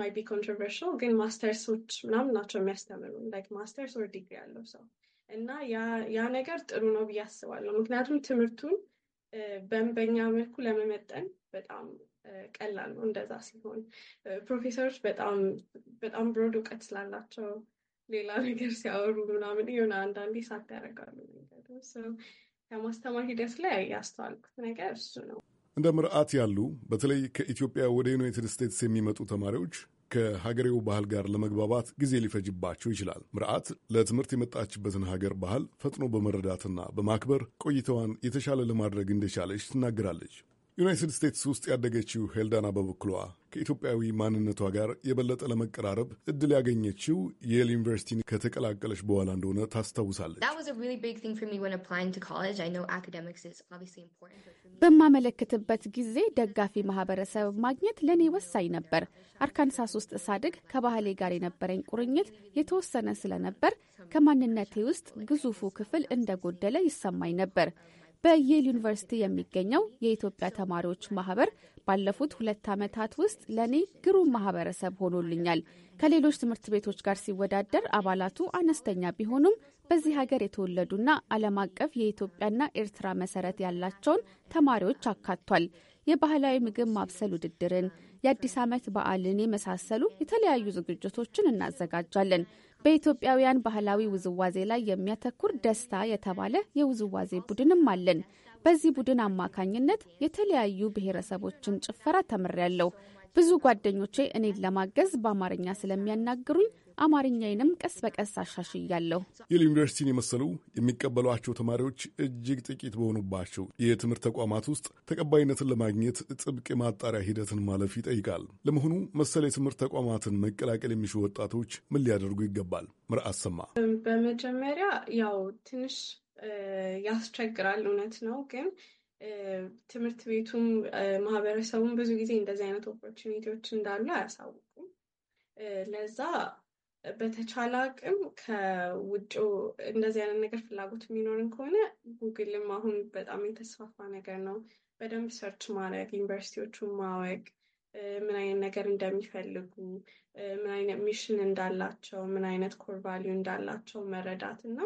ማይ ቢ ኮንትሮቨርሽል ግን ማስተርሶች ምናምን ናቸው የሚያስተምሩ ላይክ ማስተርስ ወር ዲግሪ ያለው ሰው እና ያ ነገር ጥሩ ነው ብዬ አስባለሁ። ምክንያቱም ትምህርቱን በእንበኛ መልኩ ለመመጠን በጣም ቀላል ነው። እንደዛ ሲሆን ፕሮፌሰሮች በጣም ብሮድ እውቀት ስላላቸው ሌላ ነገር ሲያወሩ ምናምን የሆነ አንዳንዴ ሳት ያደርጋሉ። ከማስተማር ሂደት ላይ ያስተዋልኩት ነገር እሱ ነው። እንደ ምርዓት ያሉ በተለይ ከኢትዮጵያ ወደ ዩናይትድ ስቴትስ የሚመጡ ተማሪዎች ከሀገሬው ባህል ጋር ለመግባባት ጊዜ ሊፈጅባቸው ይችላል። ምርዓት ለትምህርት የመጣችበትን ሀገር ባህል ፈጥኖ በመረዳትና በማክበር ቆይታዋን የተሻለ ለማድረግ እንደቻለች ትናገራለች። ዩናይትድ ስቴትስ ውስጥ ያደገችው ሄልዳና በበኩሏ ከኢትዮጵያዊ ማንነቷ ጋር የበለጠ ለመቀራረብ እድል ያገኘችው የል ዩኒቨርሲቲን ከተቀላቀለች በኋላ እንደሆነ ታስታውሳለች። በማመለክትበት ጊዜ ደጋፊ ማህበረሰብ ማግኘት ለእኔ ወሳኝ ነበር። አርካንሳስ ውስጥ ሳድግ ከባህሌ ጋር የነበረኝ ቁርኝት የተወሰነ ስለነበር ከማንነቴ ውስጥ ግዙፉ ክፍል እንደጎደለ ይሰማኝ ነበር። በየል ዩኒቨርሲቲ የሚገኘው የኢትዮጵያ ተማሪዎች ማህበር ባለፉት ሁለት ዓመታት ውስጥ ለእኔ ግሩም ማህበረሰብ ሆኖልኛል። ከሌሎች ትምህርት ቤቶች ጋር ሲወዳደር አባላቱ አነስተኛ ቢሆኑም በዚህ ሀገር የተወለዱና ዓለም አቀፍ የኢትዮጵያና ኤርትራ መሰረት ያላቸውን ተማሪዎች አካቷል። የባህላዊ ምግብ ማብሰል ውድድርን፣ የአዲስ ዓመት በዓልን የመሳሰሉ የተለያዩ ዝግጅቶችን እናዘጋጃለን። በኢትዮጵያውያን ባህላዊ ውዝዋዜ ላይ የሚያተኩር ደስታ የተባለ የውዝዋዜ ቡድንም አለን። በዚህ ቡድን አማካኝነት የተለያዩ ብሔረሰቦችን ጭፈራ ተምሬያለሁ። ብዙ ጓደኞቼ እኔን ለማገዝ በአማርኛ ስለሚያናግሩኝ አማርኛዬንም ቀስ በቀስ አሻሽያለሁ። የል ዩኒቨርሲቲን የመሰሉ የሚቀበሏቸው ተማሪዎች እጅግ ጥቂት በሆኑባቸው የትምህርት ተቋማት ውስጥ ተቀባይነትን ለማግኘት ጥብቅ የማጣሪያ ሂደትን ማለፍ ይጠይቃል። ለመሆኑ መሰል የትምህርት ተቋማትን መቀላቀል የሚሹ ወጣቶች ምን ሊያደርጉ ይገባል? ምርአት ሰማ በመጀመሪያ ያው ትንሽ ያስቸግራል፣ እውነት ነው ግን ትምህርት ቤቱም ማህበረሰቡም ብዙ ጊዜ እንደዚህ አይነት ኦፖርቹኒቲዎች እንዳሉ አያሳውቁም። ለዛ በተቻለ አቅም ከውጭ እንደዚህ አይነት ነገር ፍላጎት የሚኖርን ከሆነ ጉግልም አሁን በጣም የተስፋፋ ነገር ነው። በደንብ ሰርች ማድረግ፣ ዩኒቨርሲቲዎቹን ማወቅ፣ ምን አይነት ነገር እንደሚፈልጉ፣ ምን አይነት ሚሽን እንዳላቸው፣ ምን አይነት ኮር ቫሊዩ እንዳላቸው መረዳት እና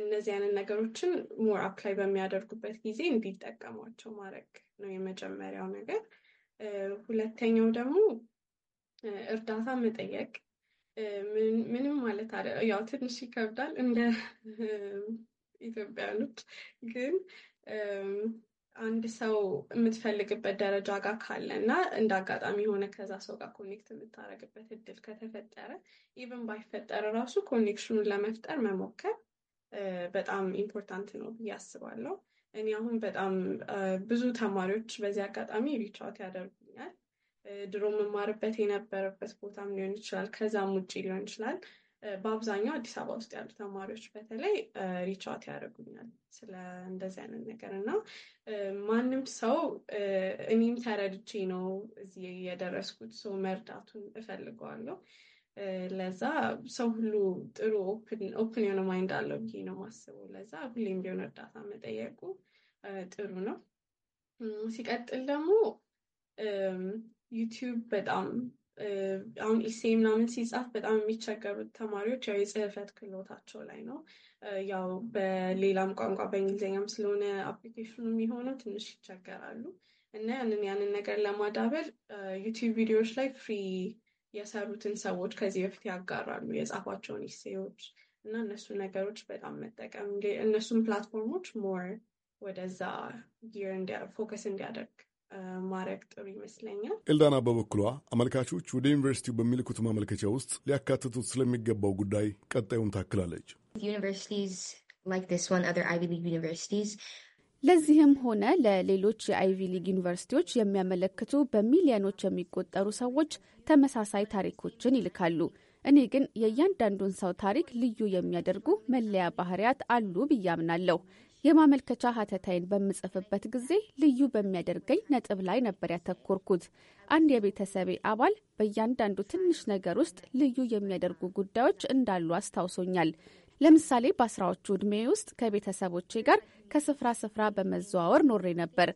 እነዚህ አይነት ነገሮችን ሞር አፕላይ በሚያደርጉበት ጊዜ እንዲጠቀሟቸው ማድረግ ነው የመጀመሪያው ነገር። ሁለተኛው ደግሞ እርዳታ መጠየቅ ምንም ማለት ያው ትንሽ ይከብዳል እንደ ኢትዮጵያኖች ግን አንድ ሰው የምትፈልግበት ደረጃ ጋር ካለ እና እንደ አጋጣሚ የሆነ ከዛ ሰው ጋር ኮኔክት የምታደርግበት እድል ከተፈጠረ ኢቨን ባይፈጠር ራሱ ኮኔክሽኑን ለመፍጠር መሞከር በጣም ኢምፖርታንት ነው ብዬ አስባለሁ። እኔ አሁን በጣም ብዙ ተማሪዎች በዚህ አጋጣሚ ሪቻውት ያደርጉ ድሮ መማርበት የነበረበት ቦታም ሊሆን ይችላል፣ ከዛም ውጭ ሊሆን ይችላል። በአብዛኛው አዲስ አበባ ውስጥ ያሉ ተማሪዎች በተለይ ሪቻት ያደርጉኛል ስለ እንደዚህ አይነት ነገር እና ማንም ሰው እኔም ተረድቼ ነው እዚህ የደረስኩት ሰው መርዳቱን እፈልገዋለሁ። ለዛ ሰው ሁሉ ጥሩ ኦፕን የሆነ ማይንድ አለው ብዬ ነው ማስበው። ለዛ ሁሌም ቢሆን እርዳታ መጠየቁ ጥሩ ነው። ሲቀጥል ደግሞ ዩቲዩብ በጣም አሁን ኢሴ ምናምን ሲጻፍ በጣም የሚቸገሩት ተማሪዎች ያው የጽህፈት ክህሎታቸው ላይ ነው። ያው በሌላም ቋንቋ በእንግሊዝኛም ስለሆነ አፕሊኬሽኑ የሚሆነው ትንሽ ይቸገራሉ እና ያንን ያንን ነገር ለማዳበር ዩቲዩብ ቪዲዮዎች ላይ ፍሪ የሰሩትን ሰዎች ከዚህ በፊት ያጋራሉ የጻፏቸውን ኢሴዎች እና እነሱ ነገሮች በጣም መጠቀም እነሱን ፕላትፎርሞች ሞር ወደዛ ጊር ፎከስ እንዲያደርግ ማድረግ ጥሩ ይመስለኛል። ኤልዳና በበኩሏ አመልካቾች ወደ ዩኒቨርሲቲው በሚልኩት ማመልከቻ ውስጥ ሊያካትቱት ስለሚገባው ጉዳይ ቀጣዩን ታክላለች። ለዚህም ሆነ ለሌሎች የአይቪ ሊግ ዩኒቨርሲቲዎች የሚያመለክቱ በሚሊዮኖች የሚቆጠሩ ሰዎች ተመሳሳይ ታሪኮችን ይልካሉ። እኔ ግን የእያንዳንዱን ሰው ታሪክ ልዩ የሚያደርጉ መለያ ባህሪያት አሉ ብዬ አምናለሁ። የማመልከቻ ሀተታይን በምጽፍበት ጊዜ ልዩ በሚያደርገኝ ነጥብ ላይ ነበር ያተኮርኩት። አንድ የቤተሰቤ አባል በእያንዳንዱ ትንሽ ነገር ውስጥ ልዩ የሚያደርጉ ጉዳዮች እንዳሉ አስታውሶኛል። ለምሳሌ በአስራዎቹ ዕድሜ ውስጥ ከቤተሰቦቼ ጋር ከስፍራ ስፍራ በመዘዋወር ኖሬ ነበር።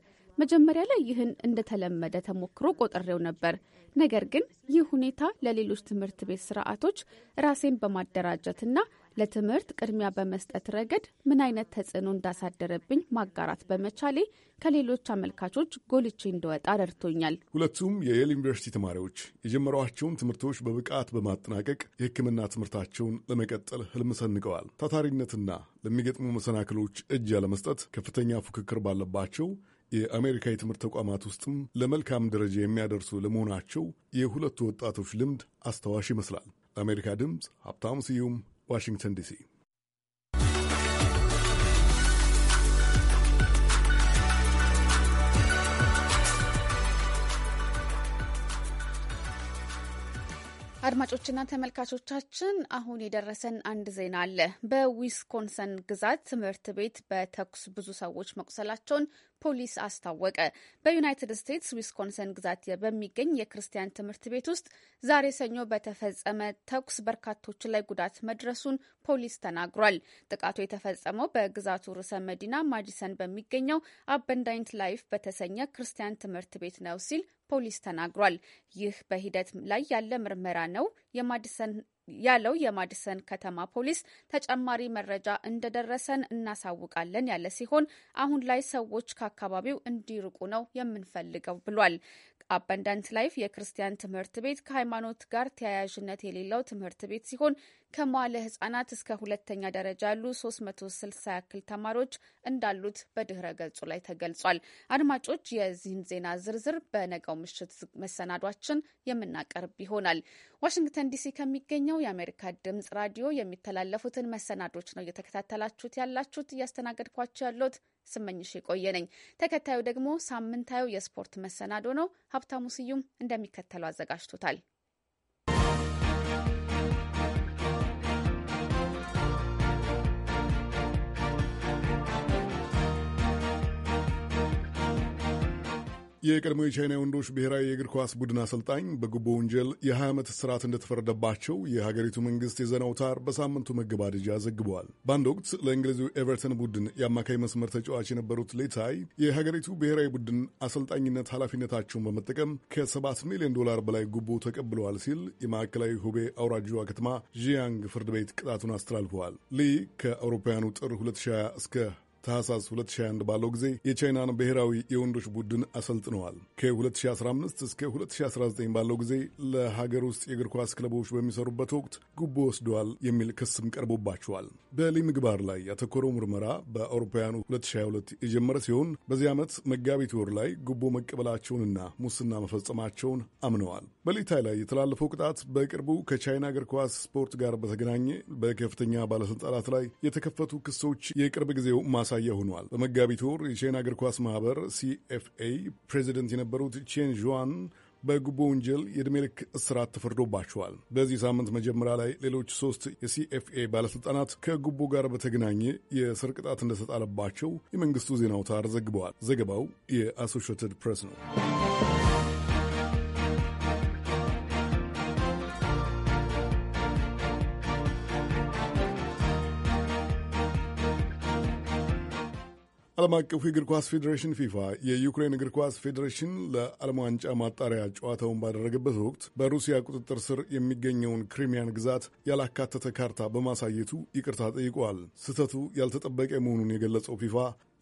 መጀመሪያ ላይ ይህን እንደተለመደ ተሞክሮ ቆጥሬው ነበር። ነገር ግን ይህ ሁኔታ ለሌሎች ትምህርት ቤት ስርዓቶች ራሴን በማደራጀትና ለትምህርት ቅድሚያ በመስጠት ረገድ ምን አይነት ተጽዕኖ እንዳሳደረብኝ ማጋራት በመቻሌ ከሌሎች አመልካቾች ጎልቼ እንደወጣ ረድቶኛል። ሁለቱም የየል ዩኒቨርሲቲ ተማሪዎች የጀመሯቸውን ትምህርቶች በብቃት በማጠናቀቅ የሕክምና ትምህርታቸውን ለመቀጠል ህልም ሰንቀዋል። ታታሪነትና ለሚገጥሙ መሰናክሎች እጅ ያለመስጠት ከፍተኛ ፉክክር ባለባቸው የአሜሪካ የትምህርት ተቋማት ውስጥም ለመልካም ደረጃ የሚያደርሱ ለመሆናቸው የሁለቱ ወጣቶች ልምድ አስታዋሽ ይመስላል። ለአሜሪካ ድምፅ ሀብታሙ ስዩም Washington DC. አድማጮችና ተመልካቾቻችን አሁን የደረሰን አንድ ዜና አለ። በዊስኮንሰን ግዛት ትምህርት ቤት በተኩስ ብዙ ሰዎች መቁሰላቸውን ፖሊስ አስታወቀ። በዩናይትድ ስቴትስ ዊስኮንሰን ግዛት በሚገኝ የክርስቲያን ትምህርት ቤት ውስጥ ዛሬ ሰኞ በተፈጸመ ተኩስ በርካቶች ላይ ጉዳት መድረሱን ፖሊስ ተናግሯል። ጥቃቱ የተፈጸመው በግዛቱ ርዕሰ መዲና ማዲሰን በሚገኘው አበንዳይንት ላይፍ በተሰኘ ክርስቲያን ትምህርት ቤት ነው ሲል ፖሊስ ተናግሯል። ይህ በሂደት ላይ ያለ ምርመራ ነው የማዲሰን ያለው የማድሰን ከተማ ፖሊስ ተጨማሪ መረጃ እንደደረሰን እናሳውቃለን ያለ ሲሆን አሁን ላይ ሰዎች ከአካባቢው እንዲርቁ ነው የምንፈልገው ብሏል። አባንዳንት ላይፍ የክርስቲያን ትምህርት ቤት ከሃይማኖት ጋር ተያያዥነት የሌለው ትምህርት ቤት ሲሆን ከመዋለ ህጻናት እስከ ሁለተኛ ደረጃ ያሉ 360 ያክል ተማሪዎች እንዳሉት በድህረ ገጹ ላይ ተገልጿል። አድማጮች የዚህን ዜና ዝርዝር በነገው ምሽት መሰናዷችን የምናቀርብ ይሆናል። ዋሽንግተን ዲሲ ከሚገኘው የአሜሪካ ድምጽ ራዲዮ የሚተላለፉትን መሰናዶች ነው እየተከታተላችሁት ያላችሁት። እያስተናገድኳቸው ያለሁት ስመኝሽ የቆየ ነኝ። ተከታዩ ደግሞ ሳምንታዊ የስፖርት መሰናዶ ነው። ሀብታሙ ስዩም እንደሚከተለው አዘጋጅቶታል። የቀድሞ የቻይና የወንዶች ብሔራዊ የእግር ኳስ ቡድን አሰልጣኝ በጉቦ ወንጀል የ20 ዓመት እስራት እንደተፈረደባቸው የሀገሪቱ መንግስት የዜና አውታር በሳምንቱ መገባደጃ ዘግበዋል። በአንድ ወቅት ለእንግሊዙ ኤቨርተን ቡድን የአማካይ መስመር ተጫዋች የነበሩት ሌታይ የሀገሪቱ ብሔራዊ ቡድን አሰልጣኝነት ኃላፊነታቸውን በመጠቀም ከ7 ሚሊዮን ዶላር በላይ ጉቦ ተቀብለዋል ሲል የማዕከላዊ ሁቤ አውራጅዋ ከተማ ዢያንግ ፍርድ ቤት ቅጣቱን አስተላልፈዋል። ሊ ከአውሮፓውያኑ ጥር 2020 እስከ ታህሳስ 2021 ባለው ጊዜ የቻይናን ብሔራዊ የወንዶች ቡድን አሰልጥነዋል። ከ2015 እስከ 2019 ባለው ጊዜ ለሀገር ውስጥ የእግር ኳስ ክለቦች በሚሰሩበት ወቅት ጉቦ ወስደዋል የሚል ክስም ቀርቦባቸዋል። በሊ ምግባር ላይ ያተኮረው ምርመራ በአውሮፓውያኑ 2022 የጀመረ ሲሆን በዚህ ዓመት መጋቢት ወር ላይ ጉቦ መቀበላቸውንና ሙስና መፈጸማቸውን አምነዋል። በሊታይ ላይ የተላለፈው ቅጣት በቅርቡ ከቻይና እግር ኳስ ስፖርት ጋር በተገናኘ በከፍተኛ ባለስልጣናት ላይ የተከፈቱ ክሶች የቅርብ ጊዜው ማሳያ ሆኗል። በመጋቢት ወር የቻይና እግር ኳስ ማህበር ሲኤፍኤ ፕሬዚደንት የነበሩት ቼን ዥዋን በጉቦ ወንጀል የዕድሜ ልክ እስራት ተፈርዶባቸዋል። በዚህ ሳምንት መጀመሪያ ላይ ሌሎች ሶስት የሲኤፍኤ ባለሥልጣናት ከጉቦ ጋር በተገናኘ የእስር ቅጣት እንደተጣለባቸው የመንግሥቱ ዜና አውታር ዘግበዋል። ዘገባው የአሶሽትድ ፕሬስ ነው። ዓለም አቀፉ የእግር ኳስ ፌዴሬሽን ፊፋ የዩክሬን እግር ኳስ ፌዴሬሽን ለዓለም ዋንጫ ማጣሪያ ጨዋታውን ባደረገበት ወቅት በሩሲያ ቁጥጥር ስር የሚገኘውን ክሪሚያን ግዛት ያላካተተ ካርታ በማሳየቱ ይቅርታ ጠይቋል። ስህተቱ ያልተጠበቀ መሆኑን የገለጸው ፊፋ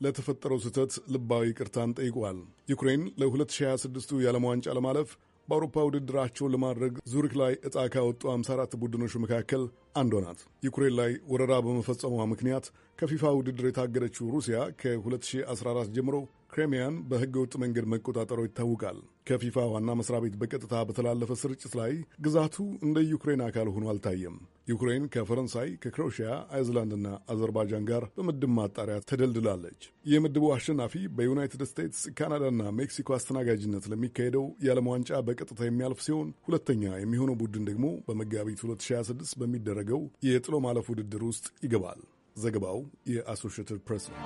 ለተፈጠረው ስህተት ልባዊ ይቅርታን ጠይቋል። ዩክሬን ለ2026ቱ የዓለም ዋንጫ ለማለፍ በአውሮፓ ውድድራቸውን ለማድረግ ዙሪክ ላይ እጣ ካወጡ 54 ቡድኖች መካከል አንዷ ናት። ዩክሬን ላይ ወረራ በመፈጸሟ ምክንያት ከፊፋ ውድድር የታገደችው ሩሲያ ከ2014 ጀምሮ ክሬሚያን በሕገ ወጥ መንገድ መቆጣጠሩ ይታወቃል። ከፊፋ ዋና መስሪያ ቤት በቀጥታ በተላለፈ ስርጭት ላይ ግዛቱ እንደ ዩክሬን አካል ሆኖ አልታየም። ዩክሬን ከፈረንሳይ፣ ከክሮኤሽያ፣ አይዝላንድና አዘርባይጃን ጋር በምድብ ማጣሪያ ተደልድላለች። የምድቡ አሸናፊ በዩናይትድ ስቴትስ፣ ካናዳና ሜክሲኮ አስተናጋጅነት ለሚካሄደው የዓለም ዋንጫ በቀጥታ የሚያልፍ ሲሆን ሁለተኛ የሚሆነው ቡድን ደግሞ በመጋቢት 2026 በሚደረገው የጥሎ ማለፍ ውድድር ውስጥ ይገባል። ዘገባው የአሶሽትድ ፕሬስ ነው።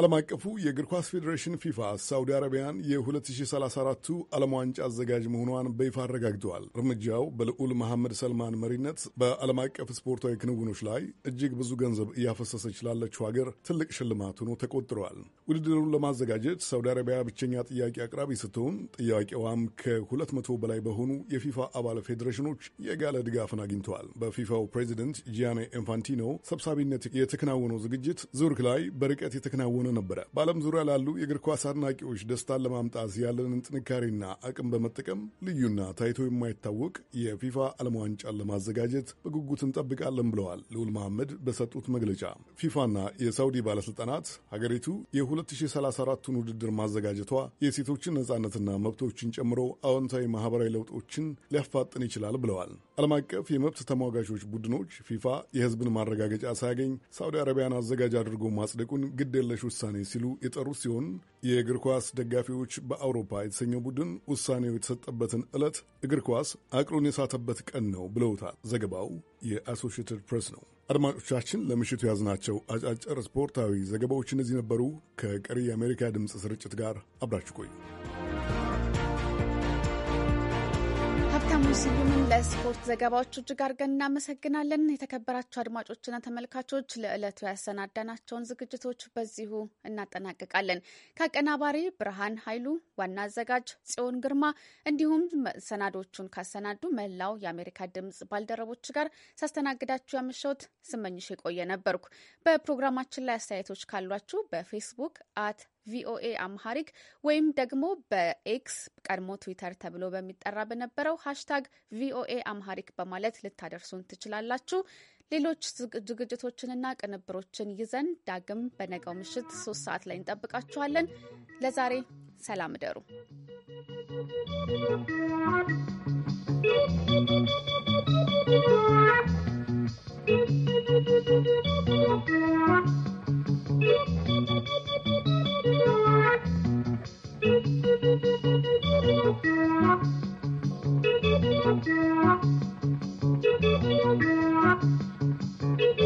ዓለም አቀፉ የእግር ኳስ ፌዴሬሽን ፊፋ ሳውዲ አረቢያን የ2034ቱ ዓለም ዋንጫ አዘጋጅ መሆኗን በይፋ አረጋግጠዋል። እርምጃው በልዑል መሐመድ ሰልማን መሪነት በዓለም አቀፍ ስፖርታዊ ክንውኖች ላይ እጅግ ብዙ ገንዘብ እያፈሰሰች ላለችው ሀገር ትልቅ ሽልማት ሆኖ ተቆጥረዋል። ውድድሩን ለማዘጋጀት ሳውዲ አረቢያ ብቸኛ ጥያቄ አቅራቢ ስትሆን፣ ጥያቄዋም ከ200 በላይ በሆኑ የፊፋ አባል ፌዴሬሽኖች የጋለ ድጋፍን አግኝተዋል። በፊፋው ፕሬዚደንት ጂያኔ ኢንፋንቲኖ ሰብሳቢነት የተከናወነው ዝግጅት ዙርክ ላይ በርቀት የተከናወነ ነበረ። በዓለም ዙሪያ ላሉ የእግር ኳስ አድናቂዎች ደስታን ለማምጣት ያለንን ጥንካሬና አቅም በመጠቀም ልዩና ታይቶ የማይታወቅ የፊፋ ዓለም ዋንጫን ለማዘጋጀት በጉጉት እንጠብቃለን ብለዋል ልዑል መሐመድ በሰጡት መግለጫ። ፊፋና የሳውዲ ባለሥልጣናት ሀገሪቱ የ2034ቱን ውድድር ማዘጋጀቷ የሴቶችን ነጻነትና መብቶችን ጨምሮ አዎንታዊ ማኅበራዊ ለውጦችን ሊያፋጥን ይችላል ብለዋል። ዓለም አቀፍ የመብት ተሟጋቾች ቡድኖች ፊፋ የሕዝብን ማረጋገጫ ሳያገኝ ሳውዲ አረቢያን አዘጋጅ አድርጎ ማጽደቁን ግድ የለሽ ውሳኔ ሲሉ የጠሩት ሲሆን የእግር ኳስ ደጋፊዎች በአውሮፓ የተሰኘው ቡድን ውሳኔው የተሰጠበትን ዕለት እግር ኳስ አቅሉን የሳተበት ቀን ነው ብለውታል። ዘገባው የአሶሺየትድ ፕሬስ ነው። አድማጮቻችን ለምሽቱ ናቸው። አጫጭር ስፖርታዊ ዘገባዎች እነዚህ ነበሩ። ከቀሪ የአሜሪካ ድምፅ ስርጭት ጋር አብራችሁ ቆዩ። ሀብታሙ ስዩምን ለስፖርት ዘገባዎቹ እጅግ አድርገን እናመሰግናለን። የተከበራቸው አድማጮችና ተመልካቾች ለዕለቱ ያሰናዳናቸውን ዝግጅቶች በዚሁ እናጠናቅቃለን። ከአቀናባሪ ብርሃን ኃይሉ፣ ዋና አዘጋጅ ጽዮን ግርማ እንዲሁም ሰናዶቹን ካሰናዱ መላው የአሜሪካ ድምጽ ባልደረቦች ጋር ሳስተናግዳችሁ ያመሸሁት ስመኝሽ የቆየ ነበርኩ። በፕሮግራማችን ላይ አስተያየቶች ካሏችሁ በፌስቡክ አት ቪኦኤ አምሃሪክ ወይም ደግሞ በኤክስ ቀድሞ ትዊተር ተብሎ በሚጠራ በነበረው ሃሽታግ ቪኦኤ አምሃሪክ በማለት ልታደርሱን ትችላላችሁ። ሌሎች ዝግጅቶችንና ቅንብሮችን ይዘን ዳግም በነገው ምሽት ሶስት ሰዓት ላይ እንጠብቃችኋለን። ለዛሬ ሰላም እደሩ።